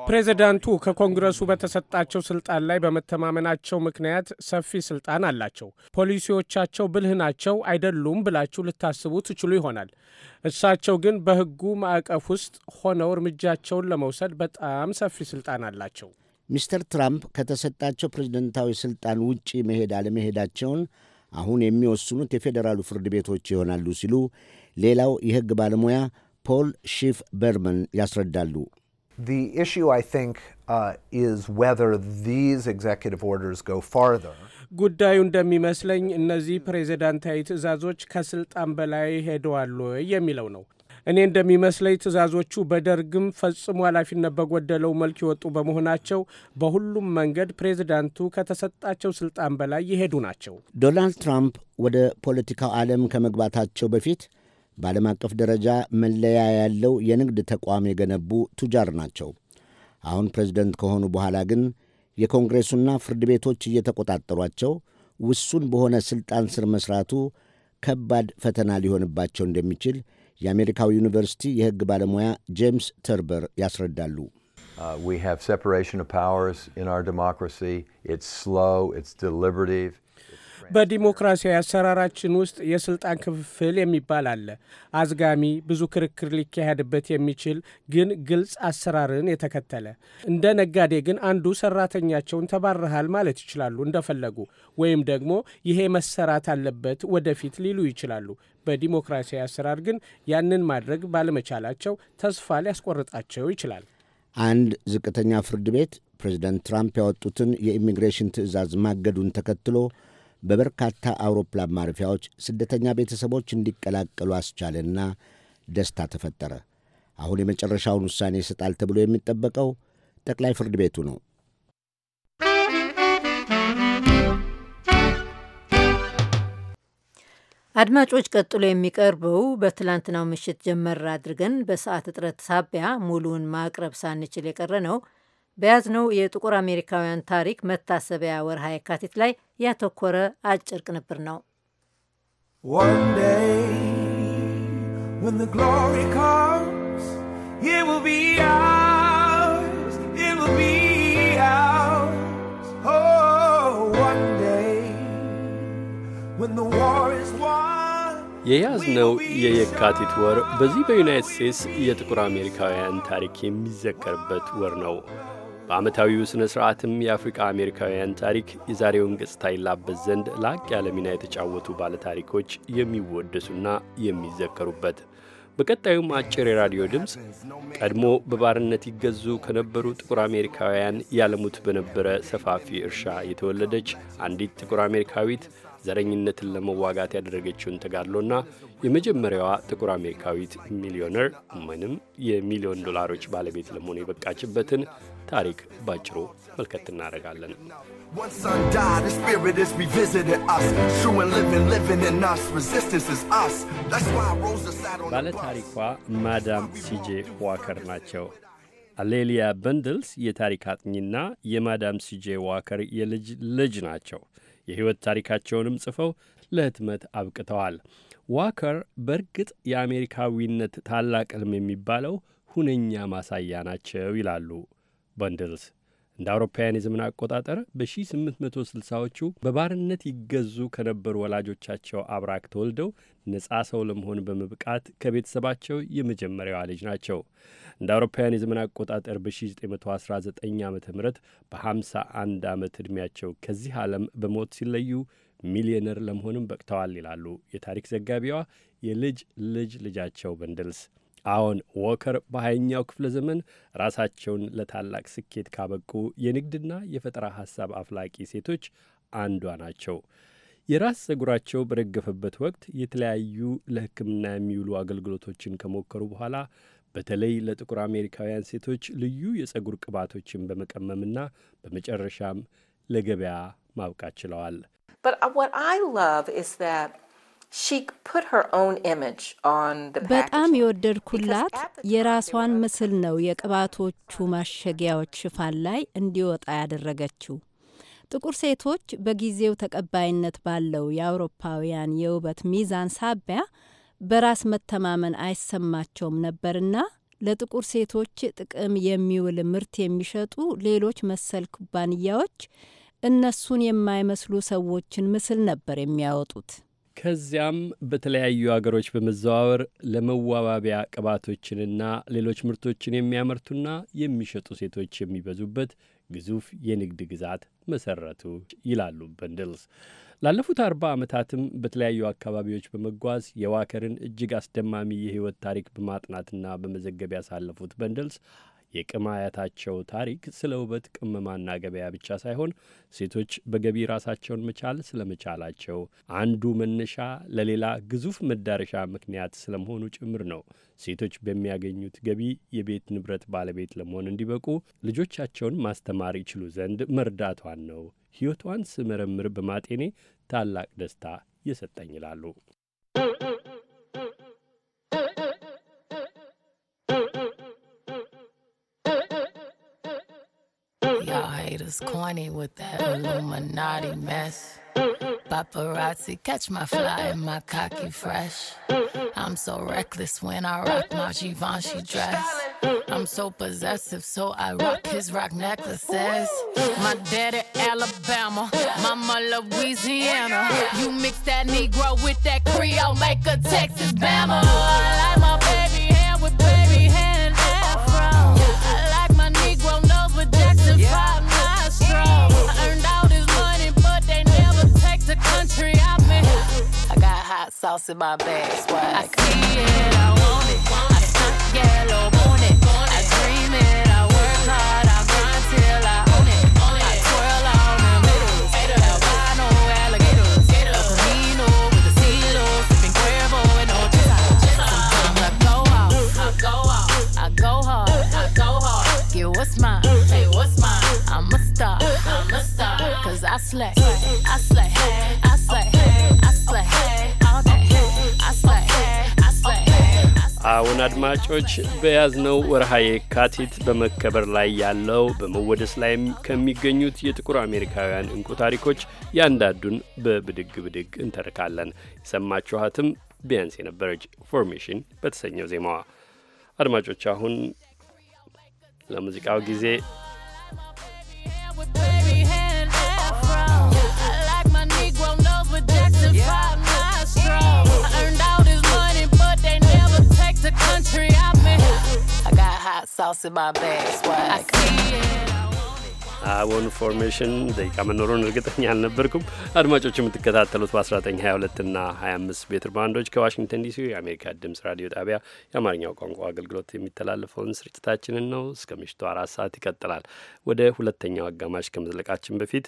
ፕሬዚዳንቱ ከኮንግረሱ በተሰጣቸው ስልጣን ላይ በመተማመናቸው ምክንያት ሰፊ ስልጣን አላቸው። ፖሊሲዎቻቸው ብልህ ናቸው አይደሉም ብላችሁ ልታስቡ ትችሉ ይሆናል። እሳቸው ግን በሕጉ ማዕቀፍ ውስጥ ሆነው እርምጃቸውን ለመውሰድ በጣም ሰፊ ስልጣን አላቸው። ሚስተር ትራምፕ ከተሰጣቸው ፕሬዝደንታዊ ስልጣን ውጪ መሄድ አለመሄዳቸውን አሁን የሚወስኑት የፌዴራሉ ፍርድ ቤቶች ይሆናሉ ሲሉ ሌላው የሕግ ባለሙያ ፖል ሺፍ በርመን ያስረዳሉ። uh, ጉዳዩ እንደሚመስለኝ እነዚህ ፕሬዚዳንታዊ ትዕዛዞች ከስልጣን በላይ ሄደዋል የሚለው ነው። እኔ እንደሚመስለኝ ትዕዛዞቹ በደርግም ፈጽሞ ኃላፊነት በጎደለው መልክ የወጡ በመሆናቸው በሁሉም መንገድ ፕሬዚዳንቱ ከተሰጣቸው ስልጣን በላይ የሄዱ ናቸው። ዶናልድ ትራምፕ ወደ ፖለቲካው ዓለም ከመግባታቸው በፊት በዓለም አቀፍ ደረጃ መለያ ያለው የንግድ ተቋም የገነቡ ቱጃር ናቸው። አሁን ፕሬዚደንት ከሆኑ በኋላ ግን የኮንግሬሱና ፍርድ ቤቶች እየተቆጣጠሯቸው ውሱን በሆነ ሥልጣን ስር መሥራቱ ከባድ ፈተና ሊሆንባቸው እንደሚችል የአሜሪካው ዩኒቨርሲቲ የሕግ ባለሙያ ጄምስ ተርበር ያስረዳሉ። we have separation of powers in our democracy. It's slow, it's deliberative. በዲሞክራሲያዊ አሰራራችን ውስጥ የስልጣን ክፍፍል የሚባል አለ። አዝጋሚ፣ ብዙ ክርክር ሊካሄድበት የሚችል ግን ግልጽ አሰራርን የተከተለ። እንደ ነጋዴ ግን አንዱ ሰራተኛቸውን ተባረሃል ማለት ይችላሉ እንደፈለጉ፣ ወይም ደግሞ ይሄ መሰራት አለበት ወደፊት ሊሉ ይችላሉ። በዲሞክራሲያዊ አሰራር ግን ያንን ማድረግ ባለመቻላቸው ተስፋ ሊያስቆርጣቸው ይችላል። አንድ ዝቅተኛ ፍርድ ቤት ፕሬዚደንት ትራምፕ ያወጡትን የኢሚግሬሽን ትዕዛዝ ማገዱን ተከትሎ በበርካታ አውሮፕላን ማረፊያዎች ስደተኛ ቤተሰቦች እንዲቀላቀሉ አስቻለና ደስታ ተፈጠረ። አሁን የመጨረሻውን ውሳኔ ይሰጣል ተብሎ የሚጠበቀው ጠቅላይ ፍርድ ቤቱ ነው። አድማጮች፣ ቀጥሎ የሚቀርበው በትላንትናው ምሽት ጀመር አድርገን በሰዓት እጥረት ሳቢያ ሙሉውን ማቅረብ ሳንችል የቀረ ነው በያዝነው የጥቁር አሜሪካውያን ታሪክ መታሰቢያ ወርሃ የካቲት ላይ ያተኮረ አጭር ቅንብር ነው። oh, የያዝነው የየካቲት ወር በዚህ በዩናይት ስቴትስ የጥቁር አሜሪካውያን ታሪክ የሚዘከርበት ወር ነው። በዓመታዊው ሥነ ሥርዓትም የአፍሪቃ አሜሪካውያን ታሪክ የዛሬውን ገጽታ ይላበት ዘንድ ላቅ ያለ ሚና የተጫወቱ ባለታሪኮች የሚወደሱና የሚዘከሩበት በቀጣዩም አጭር የራዲዮ ድምፅ ቀድሞ በባርነት ይገዙ ከነበሩ ጥቁር አሜሪካውያን ያለሙት በነበረ ሰፋፊ እርሻ የተወለደች አንዲት ጥቁር አሜሪካዊት ዘረኝነትን ለመዋጋት ያደረገችውን ተጋድሎና የመጀመሪያዋ ጥቁር አሜሪካዊት ሚሊዮነር ምንም የሚሊዮን ዶላሮች ባለቤት ለመሆኑ የበቃችበትን ታሪክ ባጭሩ መልከት እናደርጋለን። ባለ ታሪኳ ማዳም ሲጄ ዋከር ናቸው። አሌሊያ በንድልስ የታሪክ አጥኚና የማዳም ሲጄ ዋከር የልጅ ልጅ ናቸው። የሕይወት ታሪካቸውንም ጽፈው ለህትመት አብቅተዋል። ዋከር በእርግጥ የአሜሪካዊነት ታላቅ ሕልም የሚባለው ሁነኛ ማሳያ ናቸው ይላሉ ባንድልስ እንደ አውሮፓውያን የዘመን አቆጣጠር በ1860ዎቹ በባርነት ይገዙ ከነበሩ ወላጆቻቸው አብራክ ተወልደው ነጻ ሰው ለመሆን በመብቃት ከቤተሰባቸው የመጀመሪያዋ ልጅ ናቸው። እንደ አውሮፓውያን የዘመን አቆጣጠር በ1919 ዓ ም በ51 ዓመት ዕድሜያቸው ከዚህ ዓለም በሞት ሲለዩ ሚሊዮነር ለመሆንም በቅተዋል ይላሉ የታሪክ ዘጋቢዋ የልጅ ልጅ ልጃቸው በንድልስ። አዎን ወከር በሃያኛው ክፍለ ዘመን ራሳቸውን ለታላቅ ስኬት ካበቁ የንግድና የፈጠራ ሐሳብ አፍላቂ ሴቶች አንዷ ናቸው። የራስ ጸጉራቸው በረገፈበት ወቅት የተለያዩ ለሕክምና የሚውሉ አገልግሎቶችን ከሞከሩ በኋላ በተለይ ለጥቁር አሜሪካውያን ሴቶች ልዩ የጸጉር ቅባቶችን በመቀመምና በመጨረሻም ለገበያ ማብቃት ችለዋል። በጣም የወደድኩላት የራሷን ምስል ነው የቅባቶቹ ማሸጊያዎች ሽፋን ላይ እንዲወጣ ያደረገችው። ጥቁር ሴቶች በጊዜው ተቀባይነት ባለው የአውሮፓውያን የውበት ሚዛን ሳቢያ በራስ መተማመን አይሰማቸውም ነበርና ለጥቁር ሴቶች ጥቅም የሚውል ምርት የሚሸጡ ሌሎች መሰል ኩባንያዎች እነሱን የማይመስሉ ሰዎችን ምስል ነበር የሚያወጡት። ከዚያም በተለያዩ አገሮች በመዘዋወር ለመዋባቢያ ቅባቶችንና ሌሎች ምርቶችን የሚያመርቱና የሚሸጡ ሴቶች የሚበዙበት ግዙፍ የንግድ ግዛት መሰረቱ ይላሉ በንድልስ። ላለፉት አርባ ዓመታትም በተለያዩ አካባቢዎች በመጓዝ የዋከርን እጅግ አስደማሚ የሕይወት ታሪክ በማጥናትና በመዘገብ ያሳለፉት በንደልስ የቅማያታቸው ታሪክ ስለ ውበት ቅመማና ገበያ ብቻ ሳይሆን ሴቶች በገቢ ራሳቸውን መቻል ስለመቻላቸው አንዱ መነሻ ለሌላ ግዙፍ መዳረሻ ምክንያት ስለመሆኑ ጭምር ነው። ሴቶች በሚያገኙት ገቢ የቤት ንብረት ባለቤት ለመሆን እንዲበቁ ልጆቻቸውን ማስተማር ይችሉ ዘንድ መርዳቷን ነው። ሕይወቷን ስመረምር በማጤኔ ታላቅ ደስታ የሰጠኝ ይላሉ። made corny with that Illuminati mess. Paparazzi, catch my fly and my cocky fresh. I'm so reckless when I rock my Givenchy dress. I'm so possessive, so I rock his rock necklaces. My daddy, Alabama. Mama, Louisiana. You mix that Negro with that Creole, make a Texas Bama. I like sauce in my bag. Swag. I see it, I want it. I stunt yellow, want it. I dream it, I work hard, I grind till I own it. I twirl the alligators. with a I go I go I go hard. I go hard. Get what's mine. what's mine? I'm a star. I'm a I slay. I slay. አሁን አድማጮች በያዝነው ወርሃ የካቲት በመከበር ላይ ያለው በመወደስ ላይ ከሚገኙት የጥቁር አሜሪካውያን እንቁ ታሪኮች ያንዳንዱን በብድግ ብድግ እንተርካለን። የሰማችኋትም ቢያንስ የነበረች ፎርሜሽን በተሰኘው ዜማዋ። አድማጮች አሁን ለሙዚቃው ጊዜ I got hot sauce in my bag. Swag. I see it. አቦን ፎርሜሽን ደቂቃ መኖሩን እርግጠኛ አልነበርኩም። አድማጮች የምትከታተሉት በ1922 እና 25 ሜትር ባንዶች ከዋሽንግተን ዲሲ የአሜሪካ ድምጽ ራዲዮ ጣቢያ የአማርኛው ቋንቋ አገልግሎት የሚተላለፈውን ስርጭታችንን ነው። እስከ ምሽቱ አራት ሰዓት ይቀጥላል። ወደ ሁለተኛው አጋማሽ ከመዝለቃችን በፊት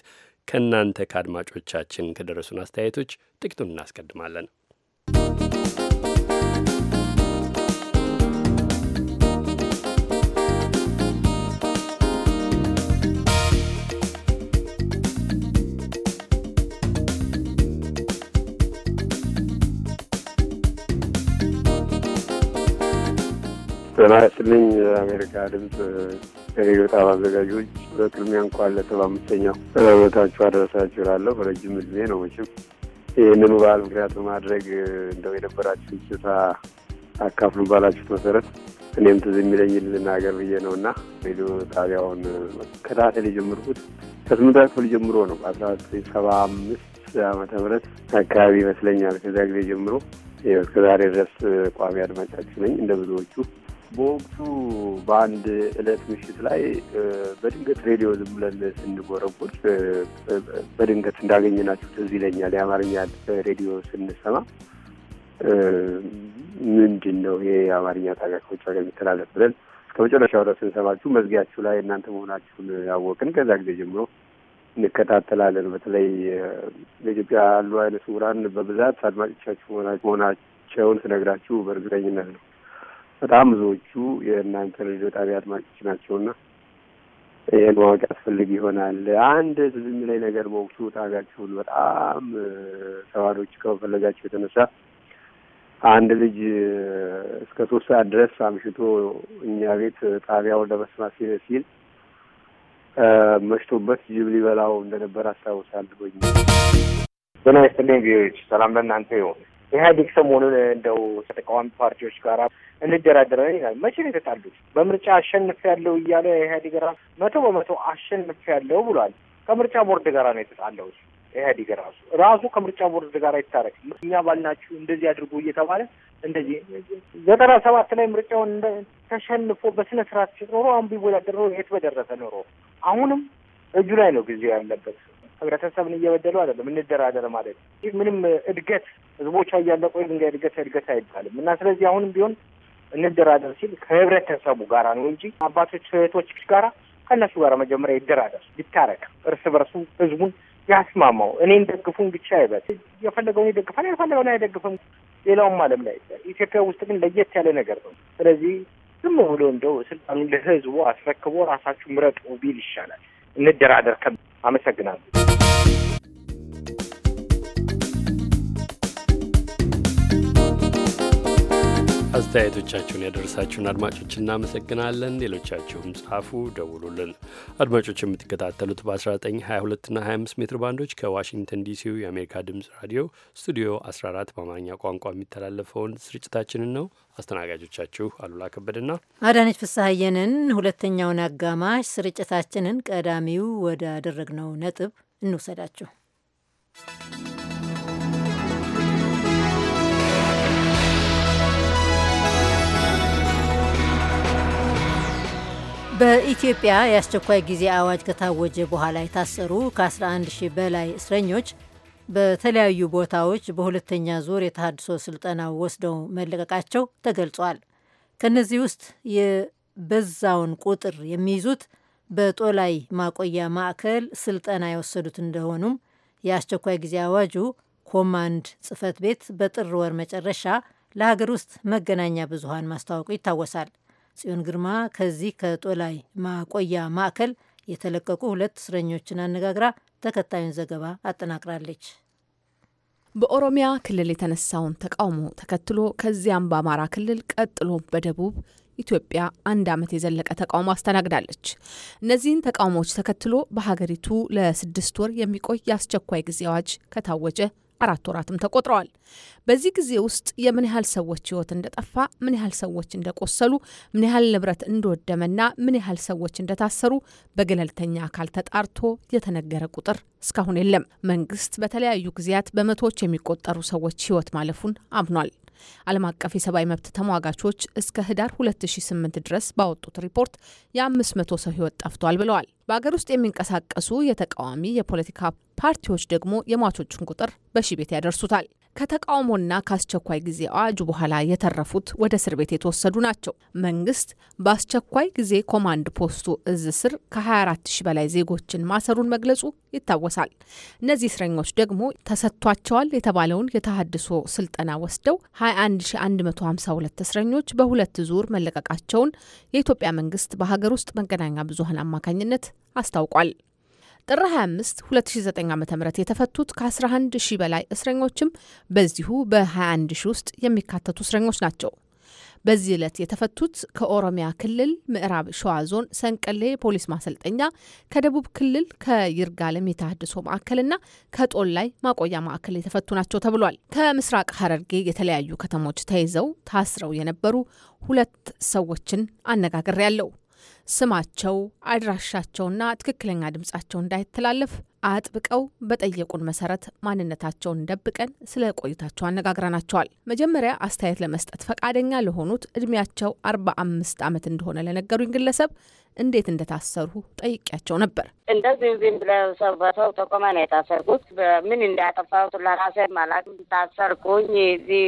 ከእናንተ ከአድማጮቻችን ከደረሱን አስተያየቶች ጥቂቱን እናስቀድማለን። ጤና ይስጥልኝ። የአሜሪካ ድምፅ ሬዲዮ ጣቢያ አዘጋጆች፣ በቅድሚያ እንኳን ለሰባ አምስተኛው ቀለበታችሁ አደረሳችሁ እላለሁ። በረጅም እድሜ ነው መቼም ይህንኑ በዓል ምክንያት በማድረግ እንደው የነበራችሁ ስታ አካፍሉ ባላችሁት መሰረት እኔም ትዝ የሚለኝ ልናገር ብዬ ነው እና ሬዲዮ ጣቢያውን መከታተል የጀመርኩት ከስምንት ክፍል ጀምሮ ነው። በአስራ ሰባ አምስት ዓመተ ምህረት አካባቢ ይመስለኛል። ከዚያ ጊዜ ጀምሮ እስከ ዛሬ ድረስ ቋሚ አድማጫችሁ ነኝ። እንደ ብዙዎቹ በወቅቱ በአንድ እለት ምሽት ላይ በድንገት ሬዲዮ ዝም ብለን ስንጎረቦች በድንገት እንዳገኘናችሁ ትዝ ይለኛል። የአማርኛ ሬዲዮ ስንሰማ ምንድን ነው ይሄ የአማርኛ ጣቢያ ከውጭ ሀገር የሚተላለፍ ብለን እስከ መጨረሻው ድረስ ስንሰማችሁ መዝጊያችሁ ላይ እናንተ መሆናችሁን ያወቅን። ከዛ ጊዜ ጀምሮ እንከታተላለን። በተለይ በኢትዮጵያ ያሉ አይነ ስውራን በብዛት አድማጮቻችሁ መሆናቸውን ስነግራችሁ በእርግጠኝነት ነው። በጣም ብዙዎቹ የእናንተ ሬዲዮ ጣቢያ አድማጮች ናቸውና ይህን ማወቅ ያስፈልግ ይሆናል። አንድ ዝም ላይ ነገር በወቅቱ ጣቢያችሁን በጣም ተዋዶች ከመፈለጋቸው የተነሳ አንድ ልጅ እስከ ሶስት ሰዓት ድረስ አምሽቶ እኛ ቤት ጣቢያው ለመስማት ሲል ሲል መሽቶበት ጅብ ሊበላው እንደነበር አስታውሳለሁኝ። ጤና ይስጥልኝ ቪዎች ሰላም ለእናንተ ይሁን። ኢህአዴግ ሰሞኑን እንደው ከተቃዋሚ ፓርቲዎች ጋር እንደራደረ ይላል። መቼ ነው የተጣሉት? በምርጫ አሸንፍ ያለው እያለ ኢህአዴግ ራሱ መቶ በመቶ አሸንፍ ያለው ብሏል። ከምርጫ ቦርድ ጋር ነው የተጣለው ኢህአዴግ ራሱ ራሱ ከምርጫ ቦርድ ጋር ይታረቅ። እኛ ባልናችሁ እንደዚህ አድርጎ እየተባለ እንደዚህ ዘጠና ሰባት ላይ ምርጫውን ተሸንፎ በስነ ስርዓት ሲኖሮ አሁን ቢወዳደር ኖሮ የት በደረሰ ኖሮ። አሁንም እጁ ላይ ነው ጊዜው ያለበት። ህብረተሰብን እየበደሉ አይደለም እንደራደር ማለት ይህ ምንም እድገት ህዝቦቿ እያለቁ የድንጋይ እድገት እድገት አይባልም እና ስለዚህ አሁንም ቢሆን እንደራደር ሲል ከህብረተሰቡ ጋራ ነው እንጂ አባቶች እህቶች ጋራ ከእነሱ ጋር መጀመሪያ ይደራደር ይታረቅ፣ እርስ በርሱ ህዝቡን ያስማማው። እኔን ደግፉን ብቻ ይበት የፈለገውን ይደግፋል፣ የፈለገውን አይደግፍም። ሌላውም አለም ላይ ኢትዮጵያ ውስጥ ግን ለየት ያለ ነገር ነው። ስለዚህ ዝም ብሎ እንደው ስልጣኑን ለህዝቡ አስረክቦ ራሳችሁ ምረጡ ቢል ይሻላል። እንደራደር። አመሰግናለሁ። አስተያየቶቻችሁን ያደረሳችሁን አድማጮች እናመሰግናለን። ሌሎቻችሁም ጻፉ፣ ደውሉልን። አድማጮች የምትከታተሉት በ1922 እና 25 ሜትር ባንዶች ከዋሽንግተን ዲሲው የአሜሪካ ድምፅ ራዲዮ ስቱዲዮ 14 በአማርኛ ቋንቋ የሚተላለፈውን ስርጭታችንን ነው። አስተናጋጆቻችሁ አሉላ ከበድና አዳነች ፍስሐየንን። ሁለተኛውን አጋማሽ ስርጭታችንን ቀዳሚው ወዳደረግነው ነጥብ እንውሰዳችሁ። በኢትዮጵያ የአስቸኳይ ጊዜ አዋጅ ከታወጀ በኋላ የታሰሩ ከ11 ሺህ በላይ እስረኞች በተለያዩ ቦታዎች በሁለተኛ ዙር የተሃድሶ ስልጠና ወስደው መለቀቃቸው ተገልጿል። ከእነዚህ ውስጥ የበዛውን ቁጥር የሚይዙት በጦላይ ማቆያ ማዕከል ስልጠና የወሰዱት እንደሆኑም የአስቸኳይ ጊዜ አዋጁ ኮማንድ ጽህፈት ቤት በጥር ወር መጨረሻ ለሀገር ውስጥ መገናኛ ብዙሃን ማስታወቁ ይታወሳል። ጽዮን ግርማ ከዚህ ከጦላይ ማቆያ ማዕከል የተለቀቁ ሁለት እስረኞችን አነጋግራ ተከታዩን ዘገባ አጠናቅራለች። በኦሮሚያ ክልል የተነሳውን ተቃውሞ ተከትሎ ከዚያም በአማራ ክልል ቀጥሎ በደቡብ ኢትዮጵያ አንድ ዓመት የዘለቀ ተቃውሞ አስተናግዳለች። እነዚህን ተቃውሞዎች ተከትሎ በሀገሪቱ ለስድስት ወር የሚቆይ የአስቸኳይ ጊዜ አዋጅ ከታወጀ አራት ወራትም ተቆጥረዋል። በዚህ ጊዜ ውስጥ የምን ያህል ሰዎች ህይወት እንደጠፋ፣ ምን ያህል ሰዎች እንደቆሰሉ፣ ምን ያህል ንብረት እንደወደመና ምን ያህል ሰዎች እንደታሰሩ በገለልተኛ አካል ተጣርቶ የተነገረ ቁጥር እስካሁን የለም። መንግስት በተለያዩ ጊዜያት በመቶዎች የሚቆጠሩ ሰዎች ህይወት ማለፉን አምኗል። ዓለም አቀፍ የሰብአዊ መብት ተሟጋቾች እስከ ህዳር 2008 ድረስ ባወጡት ሪፖርት የ500 ሰው ህይወት ጠፍቷል ብለዋል። በአገር ውስጥ የሚንቀሳቀሱ የተቃዋሚ የፖለቲካ ፓርቲዎች ደግሞ የሟቾችን ቁጥር በሺ ቤት ያደርሱታል። ከተቃውሞና ከአስቸኳይ ጊዜ አዋጅ በኋላ የተረፉት ወደ እስር ቤት የተወሰዱ ናቸው። መንግስት በአስቸኳይ ጊዜ ኮማንድ ፖስቱ እዝ ስር ከ24 ሺህ በላይ ዜጎችን ማሰሩን መግለጹ ይታወሳል። እነዚህ እስረኞች ደግሞ ተሰጥቷቸዋል የተባለውን የተሃድሶ ስልጠና ወስደው 21152 እስረኞች በሁለት ዙር መለቀቃቸውን የኢትዮጵያ መንግስት በሀገር ውስጥ መገናኛ ብዙሀን አማካኝነት አስታውቋል። ጥር 25 2009 ዓ ም የተፈቱት ከ11 ሺ በላይ እስረኞችም በዚሁ በ21 ሺ ውስጥ የሚካተቱ እስረኞች ናቸው። በዚህ ዕለት የተፈቱት ከኦሮሚያ ክልል ምዕራብ ሸዋ ዞን ሰንቀሌ ፖሊስ ማሰልጠኛ፣ ከደቡብ ክልል ከይርጋለም የተሃድሶ ማዕከልና ላይ ማቆያ ማዕከል የተፈቱ ናቸው ተብሏል። ከምስራቅ ሐረርጌ የተለያዩ ከተሞች ተይዘው ታስረው የነበሩ ሁለት ሰዎችን ያለው። ስማቸው፣ አድራሻቸውና ትክክለኛ ድምጻቸው እንዳይተላለፍ አጥብቀው በጠየቁን መሰረት ማንነታቸውን ደብቀን ስለ ቆይታቸው አነጋግረናቸዋል። መጀመሪያ አስተያየት ለመስጠት ፈቃደኛ ለሆኑት እድሜያቸው አርባ አምስት ዓመት እንደሆነ ለነገሩኝ ግለሰብ እንዴት እንደታሰሩ ጠይቂያቸው ነበር። እንደዚህ ዝም ብለው ሰው በሰው ተቆመ ነው የታሰርኩት። ምን እንዳጠፋሁት ለራሴ አላውቅም። ታሰርኩኝ። እዚህ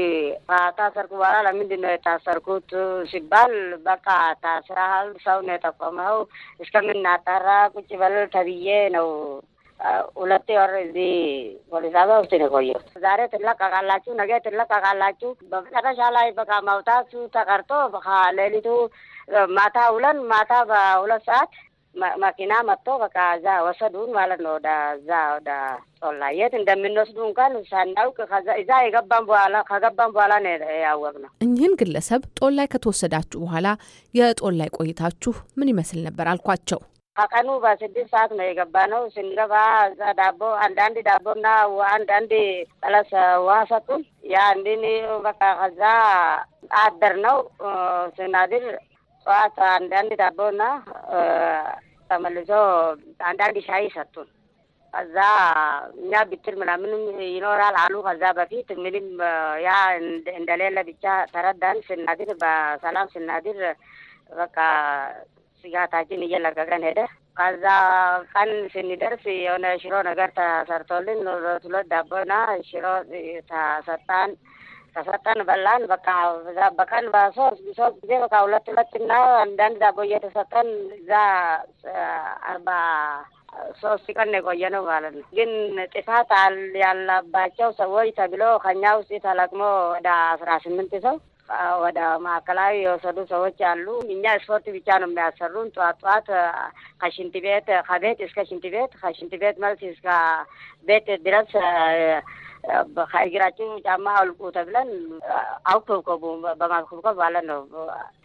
ታሰርኩ በኋላ ለምንድን ነው የታሰርኩት ሲባል በቃ ታስራሃል፣ ሰው ነው የጠቆመው፣ እስከምናጠራ ቁጭ በል ተብዬ ነው ሁለቴ ወር እዚህ ፖሊስ ጣቢያ ውስጥ ነው የቆየሁት። ዛሬ ትለቀቃላችሁ፣ ነገ ትለቀቃላችሁ። በመጨረሻ ላይ በቃ መውጣቱ ተቀርቶ ሌሊቱ ማታ ውለን ማታ በሁለት ሰዓት መኪና መጥቶ በቃ እዛ ወሰዱን ማለት ነው። ወደ እዛ ወደ ጦላ የት እንደምንወስዱ እንኳን ሳናውቅ እዛ የገባን በኋላ ከገባን በኋላ ነው ያወቅነው። እኚህን ግለሰብ ጦላይ ከተወሰዳችሁ በኋላ የጦላይ ቆይታችሁ ምን ይመስል ነበር አልኳቸው። ከቀኑ በስድስት ሰዓት ነው የገባ ነው። ስንገባ እዛ ዳቦ አንዳንድ ዳቦና አንዳንድ ጠለስ ውሃ ሰጡን። ያ እንዲን በቃ ከዛ አደር ነው ስናድር ጠዋት አንዳንድ ዳቦና ተመልሶ አንዳንድ ሻይ ሰጡን። ከዛ እኛ ብትል ምናምንም ይኖራል አሉ። ከዛ በፊት ምንም ያ እንደሌለ ብቻ ተረዳን። ስናድር በሰላም ስናድር በቃ ስጋታችን እየለቀቀን ሄደ። ከዛ ቀን ስንደርስ የሆነ ሽሮ ነገር ተሰርቶልን ሁለት ዳቦና ሽሮ ተሰጣን። ተሰጠን በላን። በቃ እዛ በቀን በሶስት ሶስት ጊዜ በቃ ሁለት ሁለት እና አንዳንድ ዳቦ እየተሰጠን እዛ አርባ ሶስት ቀን የቆየ ነው ማለት ነው። ግን ጥፋት ያለባቸው ሰዎች ተብሎ ከኛ ውስጥ ተለቅሞ ወደ አስራ ስምንት ሰው ወደ ማዕከላዊ የወሰዱ ሰዎች አሉ። እኛ ስፖርት ብቻ ነው የሚያሰሩን። ጠዋት ጠዋት ከሽንት ቤት ከቤት እስከ ሽንት ቤት ከሽንት ቤት መልስ እስከ ቤት ድረስ ከእግራችን ጫማ አውልቁ ተብለን አውከብከቡ በማክብከብ ማለት ነው።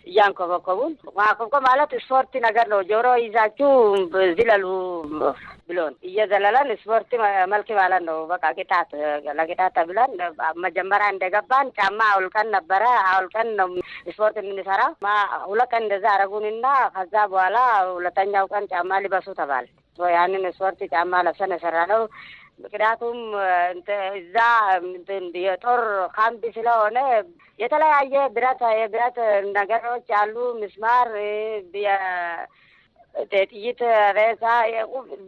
እያንከበከቡን ማክብከብ ማለት ስፖርት ነገር ነው። ጆሮ ይዛችሁ ዝለሉ ብሎን እየዘለለን ስፖርት መልክ ማለት ነው። በቃ ቅጣት ለቅጣት ተብለን መጀመሪያ እንደገባን ጫማ አውልቀን ነበረ። አውልቀን ነው ስፖርት የምንሰራ። ሁለት ቀን እንደዛ አረጉንና ከዛ በኋላ ሁለተኛው ቀን ጫማ ሊበሱ ተባል። ያንን ስፖርት ጫማ ለብሰን የሰራ ነው ምክንያቱም እዛ የጦር ካምፕ ስለሆነ የተለያየ ብረት የብረት ነገሮች አሉ፣ ምስማር፣ ጥይት፣ ሬሳ፣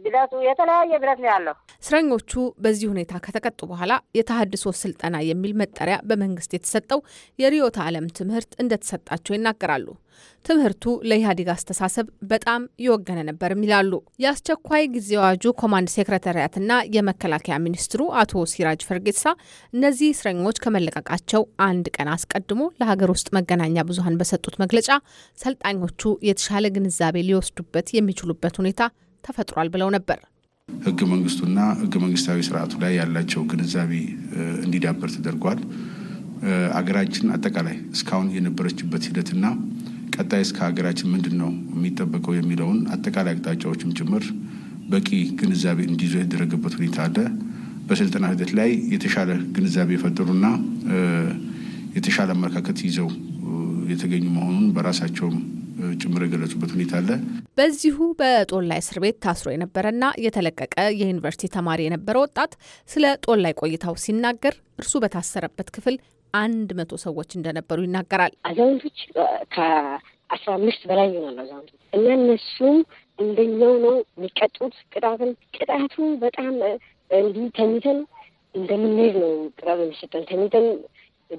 ብረቱ የተለያየ ብረት ነው ያለው። እስረኞቹ በዚህ ሁኔታ ከተቀጡ በኋላ የተሀድሶ ስልጠና የሚል መጠሪያ በመንግስት የተሰጠው የርዕዮተ ዓለም ትምህርት እንደተሰጣቸው ይናገራሉ። ትምህርቱ ለኢህአዴግ አስተሳሰብ በጣም የወገነ ነበርም ይላሉ። የአስቸኳይ ጊዜ አዋጁ ኮማንድ ሴክረታሪያትና የመከላከያ ሚኒስትሩ አቶ ሲራጅ ፈርጌሳ እነዚህ እስረኞች ከመለቀቃቸው አንድ ቀን አስቀድሞ ለሀገር ውስጥ መገናኛ ብዙሀን በሰጡት መግለጫ ሰልጣኞቹ የተሻለ ግንዛቤ ሊወስዱበት የሚችሉበት ሁኔታ ተፈጥሯል ብለው ነበር። ህገ መንግስቱና ህገ መንግስታዊ ስርዓቱ ላይ ያላቸው ግንዛቤ እንዲዳበር ተደርጓል። አገራችን አጠቃላይ እስካሁን የነበረችበት ሂደትና ቀጣይ እስከ ሀገራችን ምንድን ነው የሚጠበቀው የሚለውን አጠቃላይ አቅጣጫዎችም ጭምር በቂ ግንዛቤ እንዲይዙ የተደረገበት ሁኔታ አለ። በስልጠና ሂደት ላይ የተሻለ ግንዛቤ የፈጠሩና የተሻለ አመለካከት ይዘው የተገኙ መሆኑን በራሳቸውም ጭምር የገለጹበት ሁኔታ አለ። በዚሁ በጦላይ እስር ቤት ታስሮ የነበረና የተለቀቀ የዩኒቨርሲቲ ተማሪ የነበረ ወጣት ስለ ጦላይ ቆይታው ሲናገር እርሱ በታሰረበት ክፍል አንድ መቶ ሰዎች እንደነበሩ ይናገራል። አዛውንቶች ከአስራ አምስት በላይ ይሆናሉ አዛውንቶች እና እነሱም እንደኛው ነው የሚቀጡት። ቅጣትን ቅጣቱ በጣም እንዲህ ተኝተን እንደምንሄድ ነው ቅጣት የሚሰጠን ተኝተን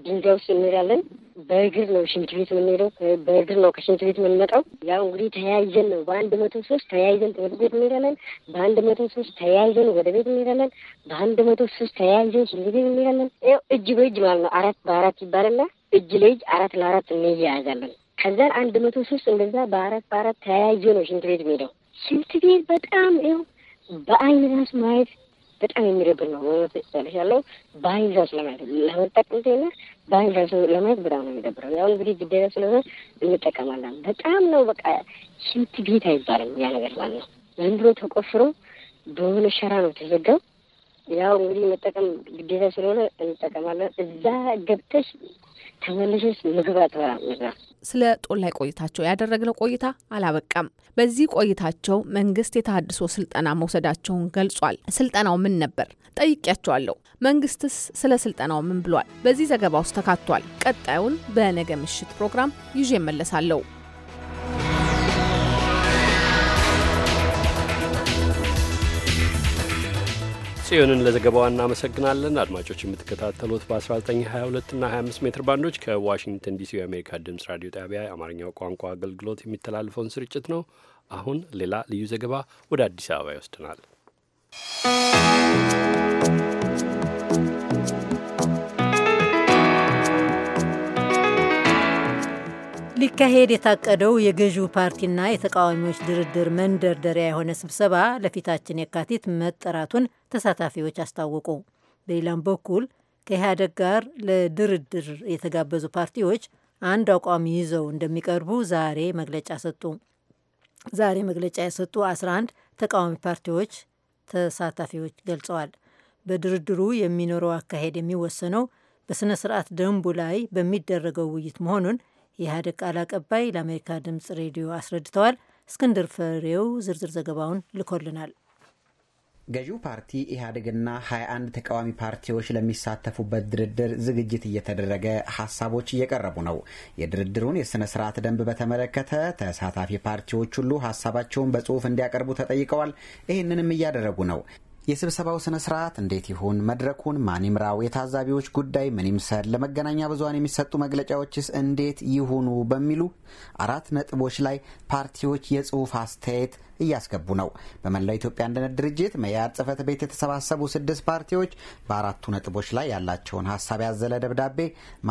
ድንጋይ ውስጥ እንሄዳለን። በእግር ነው ሽንት ቤት የምንሄደው፣ በእግር ነው ከሽንት ቤት የምንመጣው። ያው እንግዲህ ተያይዘን ነው በአንድ መቶ ሶስት ተያይዘን ትምህርት ቤት እንሄዳለን። በአንድ መቶ ሶስት ተያይዘን ወደ ቤት እንሄዳለን። በአንድ መቶ ሶስት ተያይዘን ሽንት ቤት እንሄዳለን። ያው እጅ በእጅ ማለት ነው። አራት በአራት ይባላልና እጅ ለእጅ አራት ለአራት እንያያዛለን። ከዛ አንድ መቶ ሶስት እንደዛ በአራት በአራት ተያይዘ ነው ሽንት ቤት የሚሄደው። ሽንት ቤት በጣም ያው በአይን ራሱ ማየት በጣም የሚደብር ነው። በእውነት ሰለሽ ያለው በአይንዛስ ለማየት ለመጠቅም ዜና በአይንዛስ ለማየት በጣም ነው የሚደብረው። ያው እንግዲህ ግዴታ ስለሆነ እንጠቀማለን። በጣም ነው በቃ ሽንት ቤት አይባልም ያ ነገር ማለት ነው። ዝም ብሎ ተቆፍሮ በሆነ ሸራ ነው ተዘጋው። ያው እንግዲህ መጠቀም ግዴታ ስለሆነ እንጠቀማለን። እዛ ገብተሽ ተመልሼ ምግብ አጥባ ነበር። ስለ ጦላይ ቆይታቸው ያደረግነው ቆይታ አላበቃም። በዚህ ቆይታቸው መንግስት የተሃድሶ ስልጠና መውሰዳቸውን ገልጿል። ስልጠናው ምን ነበር ጠይቄያቸዋለሁ። መንግስትስ ስለ ስልጠናው ምን ብሏል? በዚህ ዘገባ ውስጥ ተካቷል። ቀጣዩን በነገ ምሽት ፕሮግራም ይዤ እመለሳለሁ። ጽዮንን ለዘገባዋ እናመሰግናለን። አድማጮች የምትከታተሉት በ1922 እና 25 ሜትር ባንዶች ከዋሽንግተን ዲሲ የአሜሪካ ድምፅ ራዲዮ ጣቢያ የአማርኛው ቋንቋ አገልግሎት የሚተላለፈውን ስርጭት ነው። አሁን ሌላ ልዩ ዘገባ ወደ አዲስ አበባ ይወስድናል። ሊካሄድ የታቀደው የገዢው ፓርቲና የተቃዋሚዎች ድርድር መንደርደሪያ የሆነ ስብሰባ ለፊታችን የካቲት መጠራቱን ተሳታፊዎች አስታወቁ። በሌላም በኩል ከኢህአደግ ጋር ለድርድር የተጋበዙ ፓርቲዎች አንድ አቋም ይዘው እንደሚቀርቡ ዛሬ መግለጫ ሰጡ። ዛሬ መግለጫ የሰጡ 11 ተቃዋሚ ፓርቲዎች ተሳታፊዎች ገልጸዋል። በድርድሩ የሚኖረው አካሄድ የሚወሰነው በሥነ ስርዓት ደንቡ ላይ በሚደረገው ውይይት መሆኑን የኢህአዴግ ቃል አቀባይ ለአሜሪካ ድምፅ ሬዲዮ አስረድተዋል። እስክንድር ፍሬው ዝርዝር ዘገባውን ልኮልናል። ገዢው ፓርቲ ኢህአዴግና 21 ተቃዋሚ ፓርቲዎች ለሚሳተፉበት ድርድር ዝግጅት እየተደረገ ሀሳቦች እየቀረቡ ነው። የድርድሩን የሥነ ስርዓት ደንብ በተመለከተ ተሳታፊ ፓርቲዎች ሁሉ ሀሳባቸውን በጽሑፍ እንዲያቀርቡ ተጠይቀዋል። ይህንንም እያደረጉ ነው። የስብሰባው ስነ ስርዓት እንዴት ይሁን፣ መድረኩን ማን ይምራው፣ የታዛቢዎች ጉዳይ ምን ይምሰል፣ ለመገናኛ ብዙን የሚሰጡ መግለጫዎችስ እንዴት ይሁኑ በሚሉ አራት ነጥቦች ላይ ፓርቲዎች የጽሁፍ አስተያየት እያስገቡ ነው። በመላው ኢትዮጵያ አንድነት ድርጅት መኢአድ ጽሕፈት ቤት የተሰባሰቡ ስድስት ፓርቲዎች በአራቱ ነጥቦች ላይ ያላቸውን ሀሳብ ያዘለ ደብዳቤ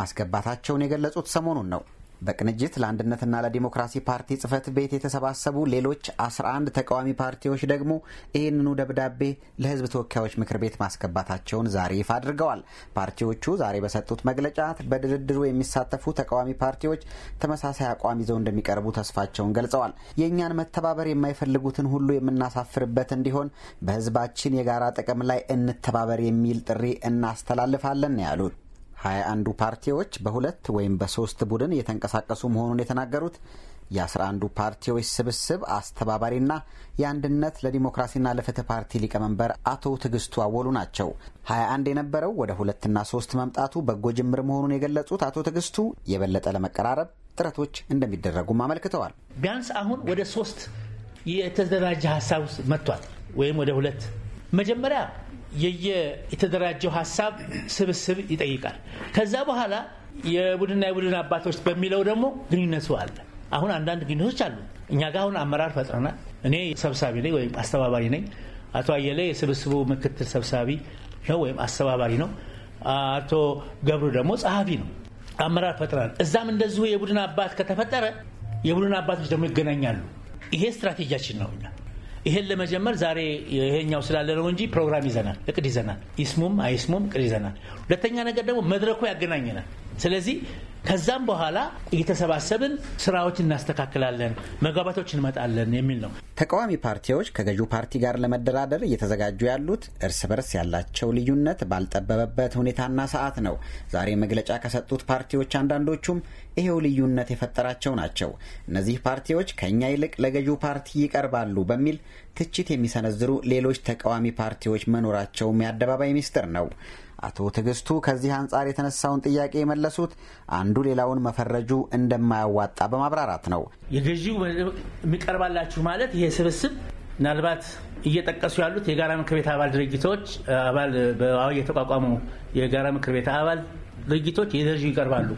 ማስገባታቸውን የገለጹት ሰሞኑን ነው። በቅንጅት ለአንድነትና ለዲሞክራሲ ፓርቲ ጽህፈት ቤት የተሰባሰቡ ሌሎች 11 ተቃዋሚ ፓርቲዎች ደግሞ ይህንኑ ደብዳቤ ለህዝብ ተወካዮች ምክር ቤት ማስገባታቸውን ዛሬ ይፋ አድርገዋል። ፓርቲዎቹ ዛሬ በሰጡት መግለጫ በድርድሩ የሚሳተፉ ተቃዋሚ ፓርቲዎች ተመሳሳይ አቋም ይዘው እንደሚቀርቡ ተስፋቸውን ገልጸዋል። የእኛን መተባበር የማይፈልጉትን ሁሉ የምናሳፍርበት እንዲሆን በህዝባችን የጋራ ጥቅም ላይ እንተባበር የሚል ጥሪ እናስተላልፋለን ያሉት ሀያ አንዱ ፓርቲዎች በሁለት ወይም በሶስት ቡድን እየተንቀሳቀሱ መሆኑን የተናገሩት የአስራ አንዱ ፓርቲዎች ስብስብ አስተባባሪና የአንድነት ለዲሞክራሲና ለፍትህ ፓርቲ ሊቀመንበር አቶ ትዕግስቱ አወሉ ናቸው። ሀያ አንድ የነበረው ወደ ሁለትና ሶስት መምጣቱ በጎ ጅምር መሆኑን የገለጹት አቶ ትዕግስቱ የበለጠ ለመቀራረብ ጥረቶች እንደሚደረጉም አመልክተዋል። ቢያንስ አሁን ወደ ሶስት የተደራጀ ሀሳብ ውስጥ መጥቷል ወይም ወደ ሁለት መጀመሪያ የተደራጀው ሀሳብ ስብስብ ይጠይቃል። ከዛ በኋላ የቡድንና የቡድን አባቶች በሚለው ደግሞ ግንኙነቱ አለ። አሁን አንዳንድ ግንኙነቶች አሉ። እኛ ጋር አሁን አመራር ፈጥረናል። እኔ ሰብሳቢ ነኝ ወይም አስተባባሪ ነኝ። አቶ አየለ የስብስቡ ምክትል ሰብሳቢ ነው ወይም አስተባባሪ ነው። አቶ ገብሩ ደግሞ ጸሐፊ ነው። አመራር ፈጥረናል። እዛም እንደዚሁ የቡድን አባት ከተፈጠረ የቡድን አባቶች ደግሞ ይገናኛሉ። ይሄ ስትራቴጂያችን ነው። ይሄን ለመጀመር ዛሬ ይሄኛው ስላለ ነው እንጂ ፕሮግራም ይዘናል፣ እቅድ ይዘናል። ይስሙም አይስሙም እቅድ ይዘናል። ሁለተኛ ነገር ደግሞ መድረኩ ያገናኘናል። ስለዚህ ከዛም በኋላ እየተሰባሰብን ስራዎች እናስተካክላለን፣ መግባባቶች እንመጣለን የሚል ነው። ተቃዋሚ ፓርቲዎች ከገዢው ፓርቲ ጋር ለመደራደር እየተዘጋጁ ያሉት እርስ በርስ ያላቸው ልዩነት ባልጠበበበት ሁኔታና ሰዓት ነው። ዛሬ መግለጫ ከሰጡት ፓርቲዎች አንዳንዶቹም ይሄው ልዩነት የፈጠራቸው ናቸው። እነዚህ ፓርቲዎች ከእኛ ይልቅ ለገዢው ፓርቲ ይቀርባሉ በሚል ትችት የሚሰነዝሩ ሌሎች ተቃዋሚ ፓርቲዎች መኖራቸውም የአደባባይ ሚስጥር ነው። አቶ ትዕግስቱ ከዚህ አንጻር የተነሳውን ጥያቄ የመለሱት አንዱ ሌላውን መፈረጁ እንደማያዋጣ በማብራራት ነው። የገዢው የሚቀርባላችሁ ማለት ይሄ ስብስብ ምናልባት እየጠቀሱ ያሉት የጋራ ምክር ቤት አባል ድርጅቶች አባል የተቋቋሙ የጋራ ምክር ቤት አባል ድርጅቶች የገዢ ይቀርባሉ።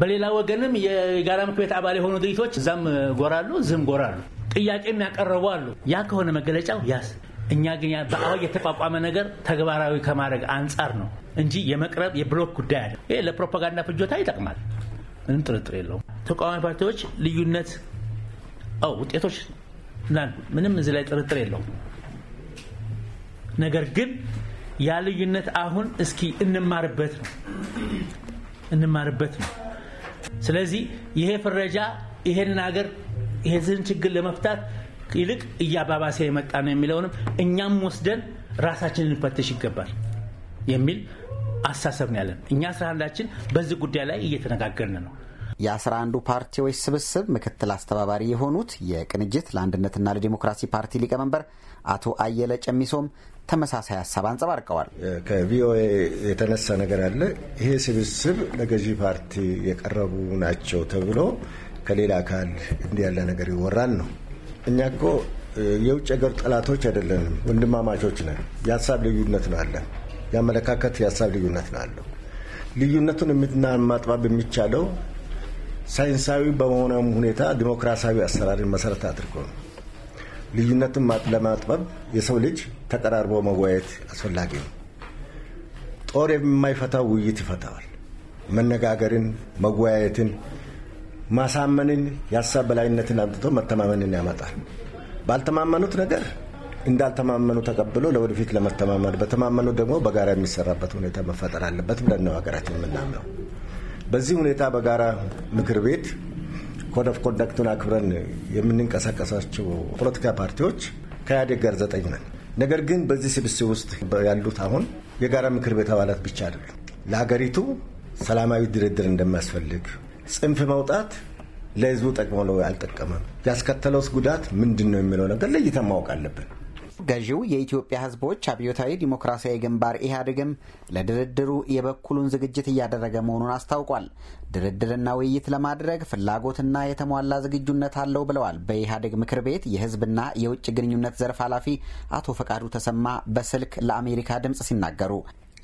በሌላ ወገንም የጋራ ምክር ቤት አባል የሆኑ ድርጅቶች እዛም ጎራሉ፣ ዝም ጎራሉ። ጥያቄ ያቀረቡ አሉ። ያ ከሆነ መገለጫው ያስ እኛ ግን በአዋጅ የተቋቋመ ነገር ተግባራዊ ከማድረግ አንጻር ነው እንጂ የመቅረብ የብሎክ ጉዳይ አለ። ይሄ ለፕሮፓጋንዳ ፍጆታ ይጠቅማል፣ ምንም ጥርጥር የለውም። ተቃዋሚ ፓርቲዎች ልዩነት ውጤቶች ምንም እዚህ ላይ ጥርጥር የለውም። ነገር ግን ያ ልዩነት አሁን እስኪ እንማርበት ነው እንማርበት ነው። ስለዚህ ይሄ ፍረጃ ይሄንን ሀገር ይህን ችግር ለመፍታት ይልቅ እያባባሰ የመጣ ነው የሚለውንም እኛም ወስደን ራሳችንን ልንፈትሽ ይገባል የሚል አሳሰብ ነው ያለን። እኛ አስራ አንዳችን በዚህ ጉዳይ ላይ እየተነጋገርን ነው። የአስራ አንዱ ፓርቲዎች ስብስብ ምክትል አስተባባሪ የሆኑት የቅንጅት ለአንድነትና ለዲሞክራሲ ፓርቲ ሊቀመንበር አቶ አየለ ጨሚሶም ተመሳሳይ ሀሳብ አንጸባርቀዋል። ከቪኦኤ የተነሳ ነገር አለ። ይሄ ስብስብ ለገዢ ፓርቲ የቀረቡ ናቸው ተብሎ ከሌላ አካል እንዲህ ያለ ነገር ይወራል ነው እኛ እኮ የውጭ ሀገር ጠላቶች አይደለንም፣ ወንድማማቾች ነን። የሀሳብ ልዩነት ነው አለን። የአመለካከት የሀሳብ ልዩነት ነው አለው። ልዩነቱን ማጥባብ የሚቻለው ሳይንሳዊ በሆነ ሁኔታ ዲሞክራሲያዊ አሰራርን መሰረት አድርጎ ነው። ልዩነትን ለማጥበብ የሰው ልጅ ተቀራርቦ መወያየት አስፈላጊ ነው። ጦር የማይፈታው ውይይት ይፈታዋል። መነጋገርን፣ መወያየትን ማሳመንን የሀሳብ በላይነትን አምጥቶ መተማመንን ያመጣል። ባልተማመኑት ነገር እንዳልተማመኑ ተቀብሎ ለወደፊት ለመተማመን በተማመኑት ደግሞ በጋራ የሚሰራበት ሁኔታ መፈጠር አለበት ብለን ነው ሀገራችን የምናምነው። በዚህ ሁኔታ በጋራ ምክር ቤት ኮድ ኦፍ ኮንዳክቱን አክብረን የምንንቀሳቀሳቸው ፖለቲካ ፓርቲዎች ከኢህአዴግ ጋር ዘጠኝ ነን። ነገር ግን በዚህ ስብስብ ውስጥ ያሉት አሁን የጋራ ምክር ቤት አባላት ብቻ አይደሉም። ለሀገሪቱ ሰላማዊ ድርድር እንደሚያስፈልግ ጽንፍ መውጣት ለህዝቡ ጠቅሞ ነው አልጠቀመም? ያስከተለውስ ጉዳት ምንድን ነው የሚለው ነገር ለይተን ማወቅ አለብን። ገዢው የኢትዮጵያ ህዝቦች አብዮታዊ ዲሞክራሲያዊ ግንባር ኢህአዴግም ለድርድሩ የበኩሉን ዝግጅት እያደረገ መሆኑን አስታውቋል። ድርድርና ውይይት ለማድረግ ፍላጎትና የተሟላ ዝግጁነት አለው ብለዋል በኢህአዴግ ምክር ቤት የህዝብና የውጭ ግንኙነት ዘርፍ ኃላፊ አቶ ፈቃዱ ተሰማ በስልክ ለአሜሪካ ድምፅ ሲናገሩ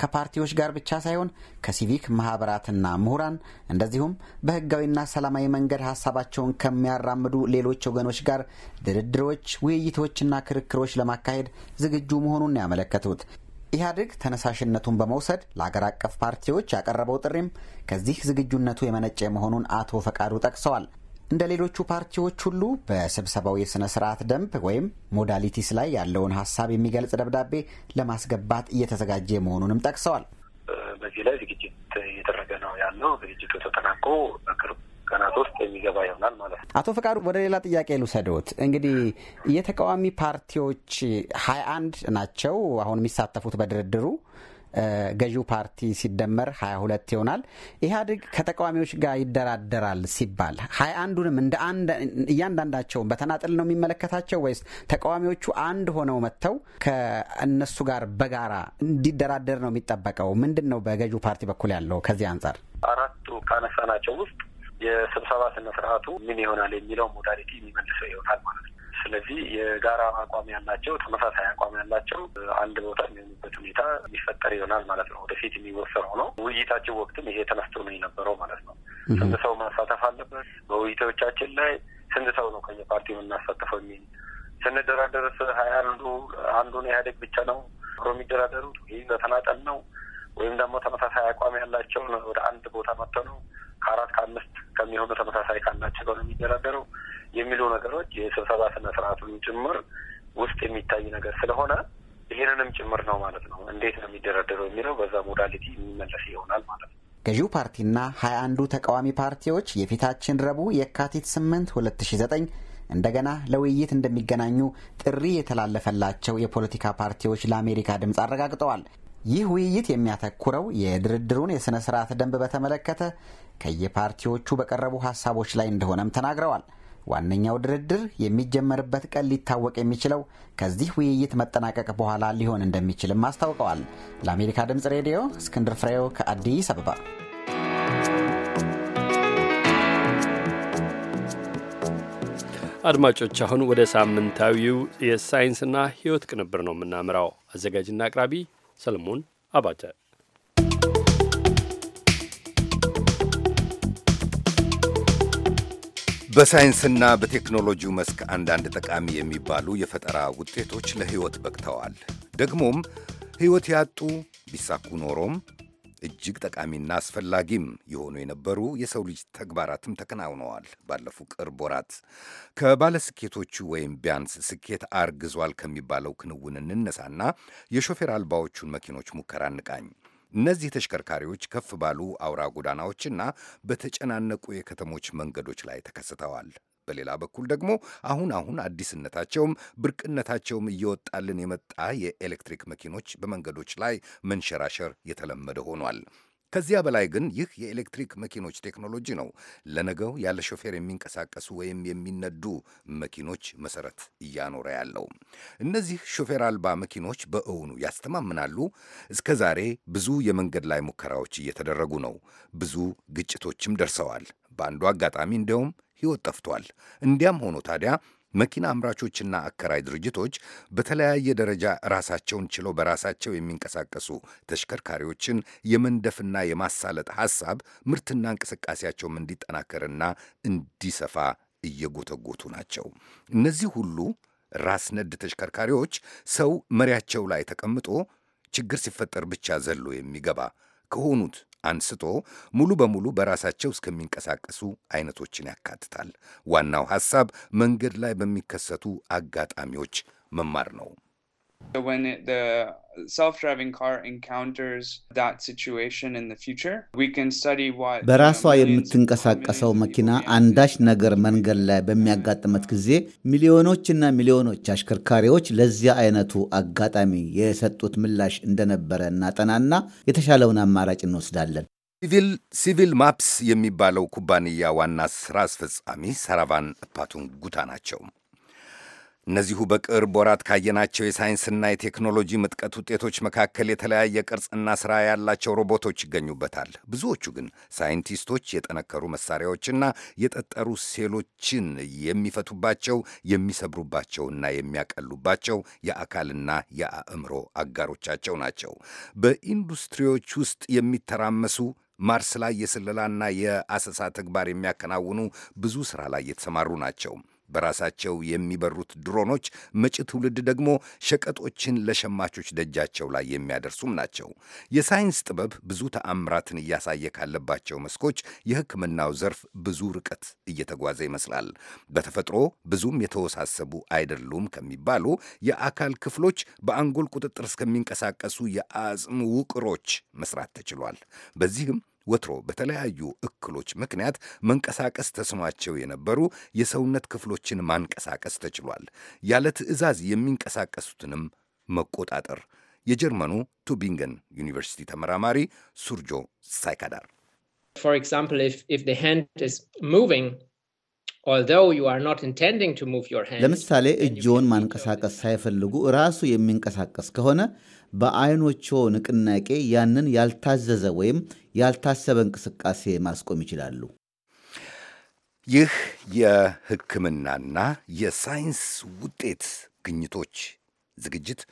ከፓርቲዎች ጋር ብቻ ሳይሆን ከሲቪክ ማህበራትና ምሁራን እንደዚሁም በህጋዊና ሰላማዊ መንገድ ሀሳባቸውን ከሚያራምዱ ሌሎች ወገኖች ጋር ድርድሮች፣ ውይይቶችና ክርክሮች ለማካሄድ ዝግጁ መሆኑን ያመለከቱት ኢህአዴግ ተነሳሽነቱን በመውሰድ ለአገር አቀፍ ፓርቲዎች ያቀረበው ጥሪም ከዚህ ዝግጁነቱ የመነጨ መሆኑን አቶ ፈቃዱ ጠቅሰዋል። እንደ ሌሎቹ ፓርቲዎች ሁሉ በስብሰባው የሥነ ሥርዓት ደንብ ወይም ሞዳሊቲስ ላይ ያለውን ሀሳብ የሚገልጽ ደብዳቤ ለማስገባት እየተዘጋጀ መሆኑንም ጠቅሰዋል። በዚህ ላይ ዝግጅት እየተደረገ ነው ያለው። ዝግጅቱ ተጠናቆ በቅርብ ቀናት ውስጥ የሚገባ ይሆናል ማለት ነው። አቶ ፈቃዱ ወደ ሌላ ጥያቄ ልውሰድዎት። እንግዲህ የተቃዋሚ ፓርቲዎች ሀያ አንድ ናቸው አሁን የሚሳተፉት በድርድሩ ገዢው ፓርቲ ሲደመር ሁለት ይሆናል። ኢህአዴግ ከተቃዋሚዎች ጋር ይደራደራል ሲባል ሀያ አንዱንም እንደ እያንዳንዳቸውን በተናጠል ነው የሚመለከታቸው ወይስ ተቃዋሚዎቹ አንድ ሆነው መጥተው ከእነሱ ጋር በጋራ እንዲደራደር ነው የሚጠበቀው? ምንድን ነው በገዢው ፓርቲ በኩል ያለው? ከዚህ አንጻር አራቱ ካነሳናቸው ውስጥ የስብሰባ ስነ ስርዓቱ ምን ይሆናል የሚለው ሞዳሊቲ የሚመልሰው ይሆናል ማለት ነው። ስለዚህ የጋራ አቋም ያላቸው ተመሳሳይ አቋም ያላቸው አንድ ቦታ የሚሆኑበት ሁኔታ የሚፈጠር ይሆናል ማለት ነው። ወደፊት የሚወሰነው ነው። ውይይታችን ወቅትም ይሄ ተነስቶ ነው የነበረው ማለት ነው። ስንት ሰው ማሳተፍ አለበት፣ በውይይቶቻችን ላይ ስንት ሰው ነው ከየፓርቲው የምናሳተፈው የሚል ስንደራደርስ ሀያ አንዱ አንዱን ኢህአዴግ ብቻ ነው አብሮ የሚደራደሩት ይህ በተናጠል ነው ወይም ደግሞ ተመሳሳይ አቋም ያላቸውን ወደ አንድ ቦታ መጥተው ነው ከአራት ከአምስት ከሚሆኑ ተመሳሳይ ካላቸው ነው የሚደራደረው የሚሉ ነገሮች የስብሰባ ስነ ስርዓቱን ጭምር ውስጥ የሚታይ ነገር ስለሆነ ይህንንም ጭምር ነው ማለት ነው። እንዴት ነው የሚደረደረው የሚለው በዛ ሞዳሊቲ የሚመለስ ይሆናል ማለት ነው። ገዢው ፓርቲና ሀያ አንዱ ተቃዋሚ ፓርቲዎች የፊታችን ረቡዕ የካቲት ስምንት ሁለት ሺ ዘጠኝ እንደገና ለውይይት እንደሚገናኙ ጥሪ የተላለፈላቸው የፖለቲካ ፓርቲዎች ለአሜሪካ ድምፅ አረጋግጠዋል። ይህ ውይይት የሚያተኩረው የድርድሩን የሥነ ሥርዓት ደንብ በተመለከተ ከየፓርቲዎቹ በቀረቡ ሀሳቦች ላይ እንደሆነም ተናግረዋል። ዋነኛው ድርድር የሚጀመርበት ቀን ሊታወቅ የሚችለው ከዚህ ውይይት መጠናቀቅ በኋላ ሊሆን እንደሚችልም አስታውቀዋል። ለአሜሪካ ድምፅ ሬዲዮ እስክንድር ፍሬው ከአዲስ አበባ። አድማጮች አሁን ወደ ሳምንታዊው የሳይንስና ሕይወት ቅንብር ነው የምናምራው። አዘጋጅና አቅራቢ ሰለሞን አባተ በሳይንስና በቴክኖሎጂው መስክ አንዳንድ ጠቃሚ የሚባሉ የፈጠራ ውጤቶች ለሕይወት በቅተዋል። ደግሞም ሕይወት ያጡ ቢሳኩ ኖሮም እጅግ ጠቃሚና አስፈላጊም የሆኑ የነበሩ የሰው ልጅ ተግባራትም ተከናውነዋል። ባለፉ ቅርብ ወራት ከባለስኬቶቹ ወይም ቢያንስ ስኬት አርግዟል ከሚባለው ክንውን እንነሳና የሾፌር አልባዎቹን መኪኖች ሙከራ እንቃኝ። እነዚህ ተሽከርካሪዎች ከፍ ባሉ አውራ ጎዳናዎችና በተጨናነቁ የከተሞች መንገዶች ላይ ተከስተዋል። በሌላ በኩል ደግሞ አሁን አሁን አዲስነታቸውም ብርቅነታቸውም እየወጣልን የመጣ የኤሌክትሪክ መኪኖች በመንገዶች ላይ መንሸራሸር የተለመደ ሆኗል። ከዚያ በላይ ግን ይህ የኤሌክትሪክ መኪኖች ቴክኖሎጂ ነው ለነገው ያለ ሾፌር የሚንቀሳቀሱ ወይም የሚነዱ መኪኖች መሰረት እያኖረ ያለው። እነዚህ ሾፌር አልባ መኪኖች በእውኑ ያስተማምናሉ? እስከ ዛሬ ብዙ የመንገድ ላይ ሙከራዎች እየተደረጉ ነው። ብዙ ግጭቶችም ደርሰዋል። በአንዱ አጋጣሚ እንዲያውም ሕይወት ጠፍቷል። እንዲያም ሆኖ ታዲያ መኪና አምራቾችና አከራይ ድርጅቶች በተለያየ ደረጃ ራሳቸውን ችለው በራሳቸው የሚንቀሳቀሱ ተሽከርካሪዎችን የመንደፍና የማሳለጥ ሐሳብ ምርትና እንቅስቃሴያቸውም እንዲጠናከርና እንዲሰፋ እየጎተጎቱ ናቸው። እነዚህ ሁሉ ራስ ነድ ተሽከርካሪዎች ሰው መሪያቸው ላይ ተቀምጦ ችግር ሲፈጠር ብቻ ዘሎ የሚገባ ከሆኑት አንስቶ ሙሉ በሙሉ በራሳቸው እስከሚንቀሳቀሱ አይነቶችን ያካትታል። ዋናው ሐሳብ መንገድ ላይ በሚከሰቱ አጋጣሚዎች መማር ነው። So when it, the self-driving car encounters that situation in the future, we can study what በራሷ የምትንቀሳቀሰው መኪና አንዳች ነገር መንገድ ላይ በሚያጋጥመት ጊዜ ሚሊዮኖችና ሚሊዮኖች አሽከርካሪዎች ለዚያ አይነቱ አጋጣሚ የሰጡት ምላሽ እንደነበረ እናጠናና የተሻለውን አማራጭ እንወስዳለን። ሲቪል ሲቪል ማፕስ የሚባለው ኩባንያ ዋና ስራ አስፈጻሚ ሰራቫን ጉታ ናቸው። እነዚሁ በቅርብ ወራት ካየናቸው የሳይንስና የቴክኖሎጂ ምጥቀት ውጤቶች መካከል የተለያየ ቅርጽና ሥራ ያላቸው ሮቦቶች ይገኙበታል። ብዙዎቹ ግን ሳይንቲስቶች የጠነከሩ መሳሪያዎችና የጠጠሩ ሴሎችን የሚፈቱባቸው፣ የሚሰብሩባቸውና የሚያቀሉባቸው የአካልና የአእምሮ አጋሮቻቸው ናቸው። በኢንዱስትሪዎች ውስጥ የሚተራመሱ ማርስ ላይ የስለላና የአሰሳ ተግባር የሚያከናውኑ ብዙ ሥራ ላይ የተሰማሩ ናቸው። በራሳቸው የሚበሩት ድሮኖች መጪ ትውልድ ደግሞ ሸቀጦችን ለሸማቾች ደጃቸው ላይ የሚያደርሱም ናቸው። የሳይንስ ጥበብ ብዙ ተአምራትን እያሳየ ካለባቸው መስኮች የሕክምናው ዘርፍ ብዙ ርቀት እየተጓዘ ይመስላል። በተፈጥሮ ብዙም የተወሳሰቡ አይደሉም ከሚባሉ የአካል ክፍሎች በአንጎል ቁጥጥር እስከሚንቀሳቀሱ የአጽም ውቅሮች መስራት ተችሏል። በዚህም ወትሮ በተለያዩ እክሎች ምክንያት መንቀሳቀስ ተስኗቸው የነበሩ የሰውነት ክፍሎችን ማንቀሳቀስ ተችሏል። ያለ ትዕዛዝ የሚንቀሳቀሱትንም መቆጣጠር የጀርመኑ ቱቢንገን ዩኒቨርሲቲ ተመራማሪ ሱርጆ ሳይካዳር ለምሳሌ እጅዎን ማንቀሳቀስ ሳይፈልጉ ራሱ የሚንቀሳቀስ ከሆነ በአይኖችዎ ንቅናቄ ያንን ያልታዘዘ ወይም ያልታሰበ እንቅስቃሴ ማስቆም ይችላሉ። ይህ የሕክምናና የሳይንስ ውጤት ግኝቶች ዝግጅት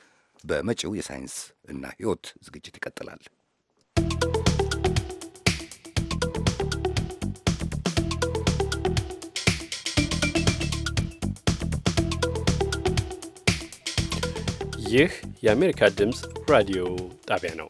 በመጪው የሳይንስ እና ሕይወት ዝግጅት ይቀጥላል። ይህ የአሜሪካ ድምፅ ራዲዮ ጣቢያ ነው።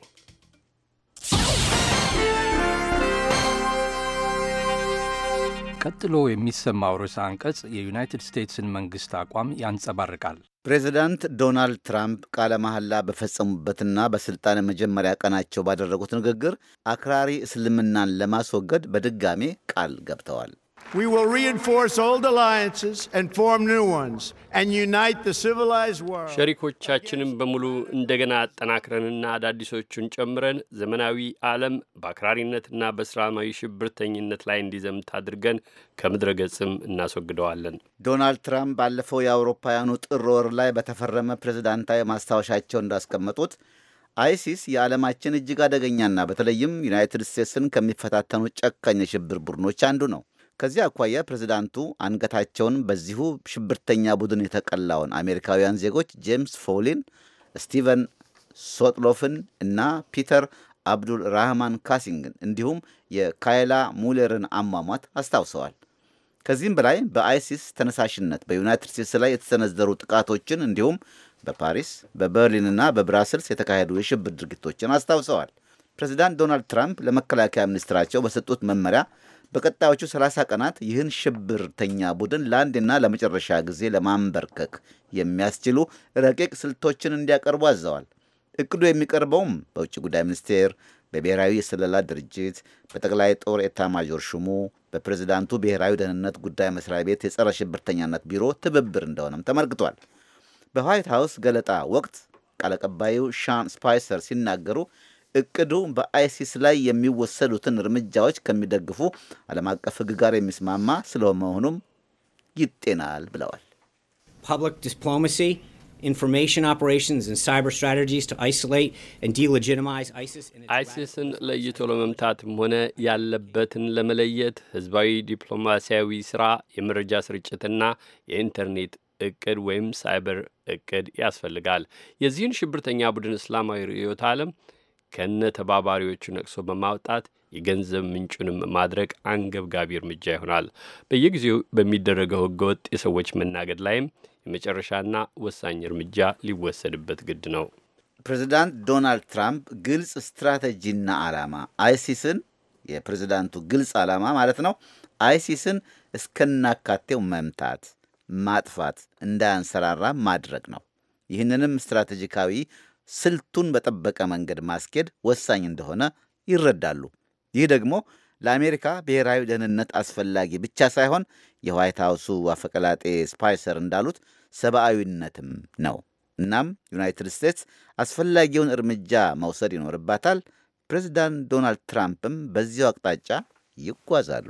ቀጥሎ የሚሰማው ርዕሰ አንቀጽ የዩናይትድ ስቴትስን መንግሥት አቋም ያንጸባርቃል። ፕሬዚዳንት ዶናልድ ትራምፕ ቃለ መሐላ በፈጸሙበትና በሥልጣን መጀመሪያ ቀናቸው ባደረጉት ንግግር አክራሪ እስልምናን ለማስወገድ በድጋሜ ቃል ገብተዋል። We will reinforce old alliances and form new ones and unite the civilized world. ሸሪኮቻችንን በሙሉ እንደገና አጠናክረንና አዳዲሶቹን ጨምረን ዘመናዊ ዓለም በአክራሪነትና በእስላማዊ ሽብርተኝነት ላይ እንዲዘምት አድርገን ከምድረ ገጽም እናስወግደዋለን። ዶናልድ ትራምፕ ባለፈው የአውሮፓውያኑ ጥር ወር ላይ በተፈረመ ፕሬዝዳንታዊ ማስታወሻቸው እንዳስቀመጡት አይሲስ የዓለማችን እጅግ አደገኛና በተለይም ዩናይትድ ስቴትስን ከሚፈታተኑ ጨካኝ የሽብር ቡድኖች አንዱ ነው። ከዚህ አኳያ ፕሬዚዳንቱ አንገታቸውን በዚሁ ሽብርተኛ ቡድን የተቀላውን አሜሪካውያን ዜጎች ጄምስ ፎሊን፣ ስቲቨን ሶጥሎፍን እና ፒተር አብዱል ራህማን ካሲንግን እንዲሁም የካይላ ሙለርን አሟሟት አስታውሰዋል። ከዚህም በላይ በአይሲስ ተነሳሽነት በዩናይትድ ስቴትስ ላይ የተሰነዘሩ ጥቃቶችን እንዲሁም በፓሪስ በበርሊንና በብራስልስ የተካሄዱ የሽብር ድርጊቶችን አስታውሰዋል። ፕሬዚዳንት ዶናልድ ትራምፕ ለመከላከያ ሚኒስትራቸው በሰጡት መመሪያ በቀጣዮቹ 30 ቀናት ይህን ሽብርተኛ ቡድን ለአንድና ለመጨረሻ ጊዜ ለማንበርከክ የሚያስችሉ ረቂቅ ስልቶችን እንዲያቀርቡ አዘዋል። እቅዱ የሚቀርበውም በውጭ ጉዳይ ሚኒስቴር፣ በብሔራዊ የስለላ ድርጅት፣ በጠቅላይ ጦር ማጆር ሹሙ፣ በፕሬዝዳንቱ ብሔራዊ ደህንነት ጉዳይ መስሪያ ቤት የጸረ ሽብርተኛነት ቢሮ ትብብር እንደሆነም ተመልክቷል። በዋይት ሀውስ ገለጣ ወቅት ቃል አቀባዩ ሻን ስፓይሰር ሲናገሩ እቅዱ በአይሲስ ላይ የሚወሰዱትን እርምጃዎች ከሚደግፉ ዓለም አቀፍ ሕግ ጋር የሚስማማ ስለመሆኑም ይጤናል ብለዋል። ኢንፎርሜሽን አይሲስን ለይቶ ለመምታትም ሆነ ያለበትን ለመለየት ህዝባዊ ዲፕሎማሲያዊ ስራ፣ የመረጃ ስርጭትና የኢንተርኔት እቅድ ወይም ሳይበር እቅድ ያስፈልጋል። የዚህን ሽብርተኛ ቡድን እስላማዊ ርዕዮተ ዓለም ከነ ተባባሪዎቹ ነቅሶ በማውጣት የገንዘብ ምንጩንም ማድረግ አንገብጋቢ እርምጃ ይሆናል። በየጊዜው በሚደረገው ህገወጥ የሰዎች መናገድ ላይም የመጨረሻና ወሳኝ እርምጃ ሊወሰድበት ግድ ነው። ፕሬዚዳንት ዶናልድ ትራምፕ ግልጽ ስትራቴጂና ዓላማ አይሲስን የፕሬዚዳንቱ ግልጽ ዓላማ ማለት ነው አይሲስን እስከናካቴው መምታት፣ ማጥፋት፣ እንዳያንሰራራ ማድረግ ነው። ይህንንም ስትራቴጂካዊ ስልቱን በጠበቀ መንገድ ማስኬድ ወሳኝ እንደሆነ ይረዳሉ። ይህ ደግሞ ለአሜሪካ ብሔራዊ ደህንነት አስፈላጊ ብቻ ሳይሆን የዋይት ሀውሱ አፈቀላጤ ስፓይሰር እንዳሉት ሰብአዊነትም ነው። እናም ዩናይትድ ስቴትስ አስፈላጊውን እርምጃ መውሰድ ይኖርባታል። ፕሬዚዳንት ዶናልድ ትራምፕም በዚያው አቅጣጫ ይጓዛሉ።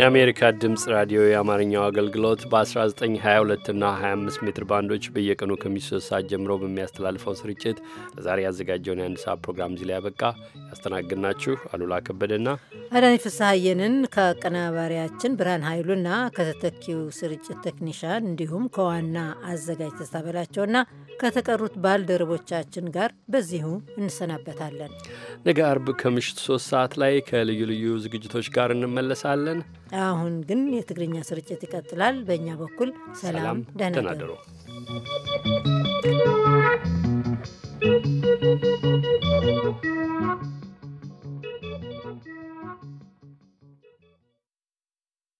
የአሜሪካ ድምፅ ራዲዮ የአማርኛው አገልግሎት በ1922 እና 25 ሜትር ባንዶች በየቀኑ ከምሽቱ ሰዓት ጀምሮ በሚያስተላልፈው ስርጭት ለዛሬ ያዘጋጀውን የአንድ ሰዓት ፕሮግራም እዚህ ላይ ያበቃ። ያስተናግድናችሁ አሉላ ከበደና አዳኒ ፍስሐየንን ከአቀናባሪያችን ብርሃን ኃይሉና ከተተኪው ስርጭት ቴክኒሻን እንዲሁም ከዋና አዘጋጅ ተስታበላቸውና ከተቀሩት ባልደረቦቻችን ጋር በዚሁ እንሰናበታለን። ነገ አርብ ከምሽት ሶስት ሰዓት ላይ ከልዩ ልዩ ዝግጅቶች ጋር እንመለሳለን። አሁን ግን የትግርኛ ስርጭት ይቀጥላል። በእኛ በኩል ሰላም፣ ደህና ደሩ።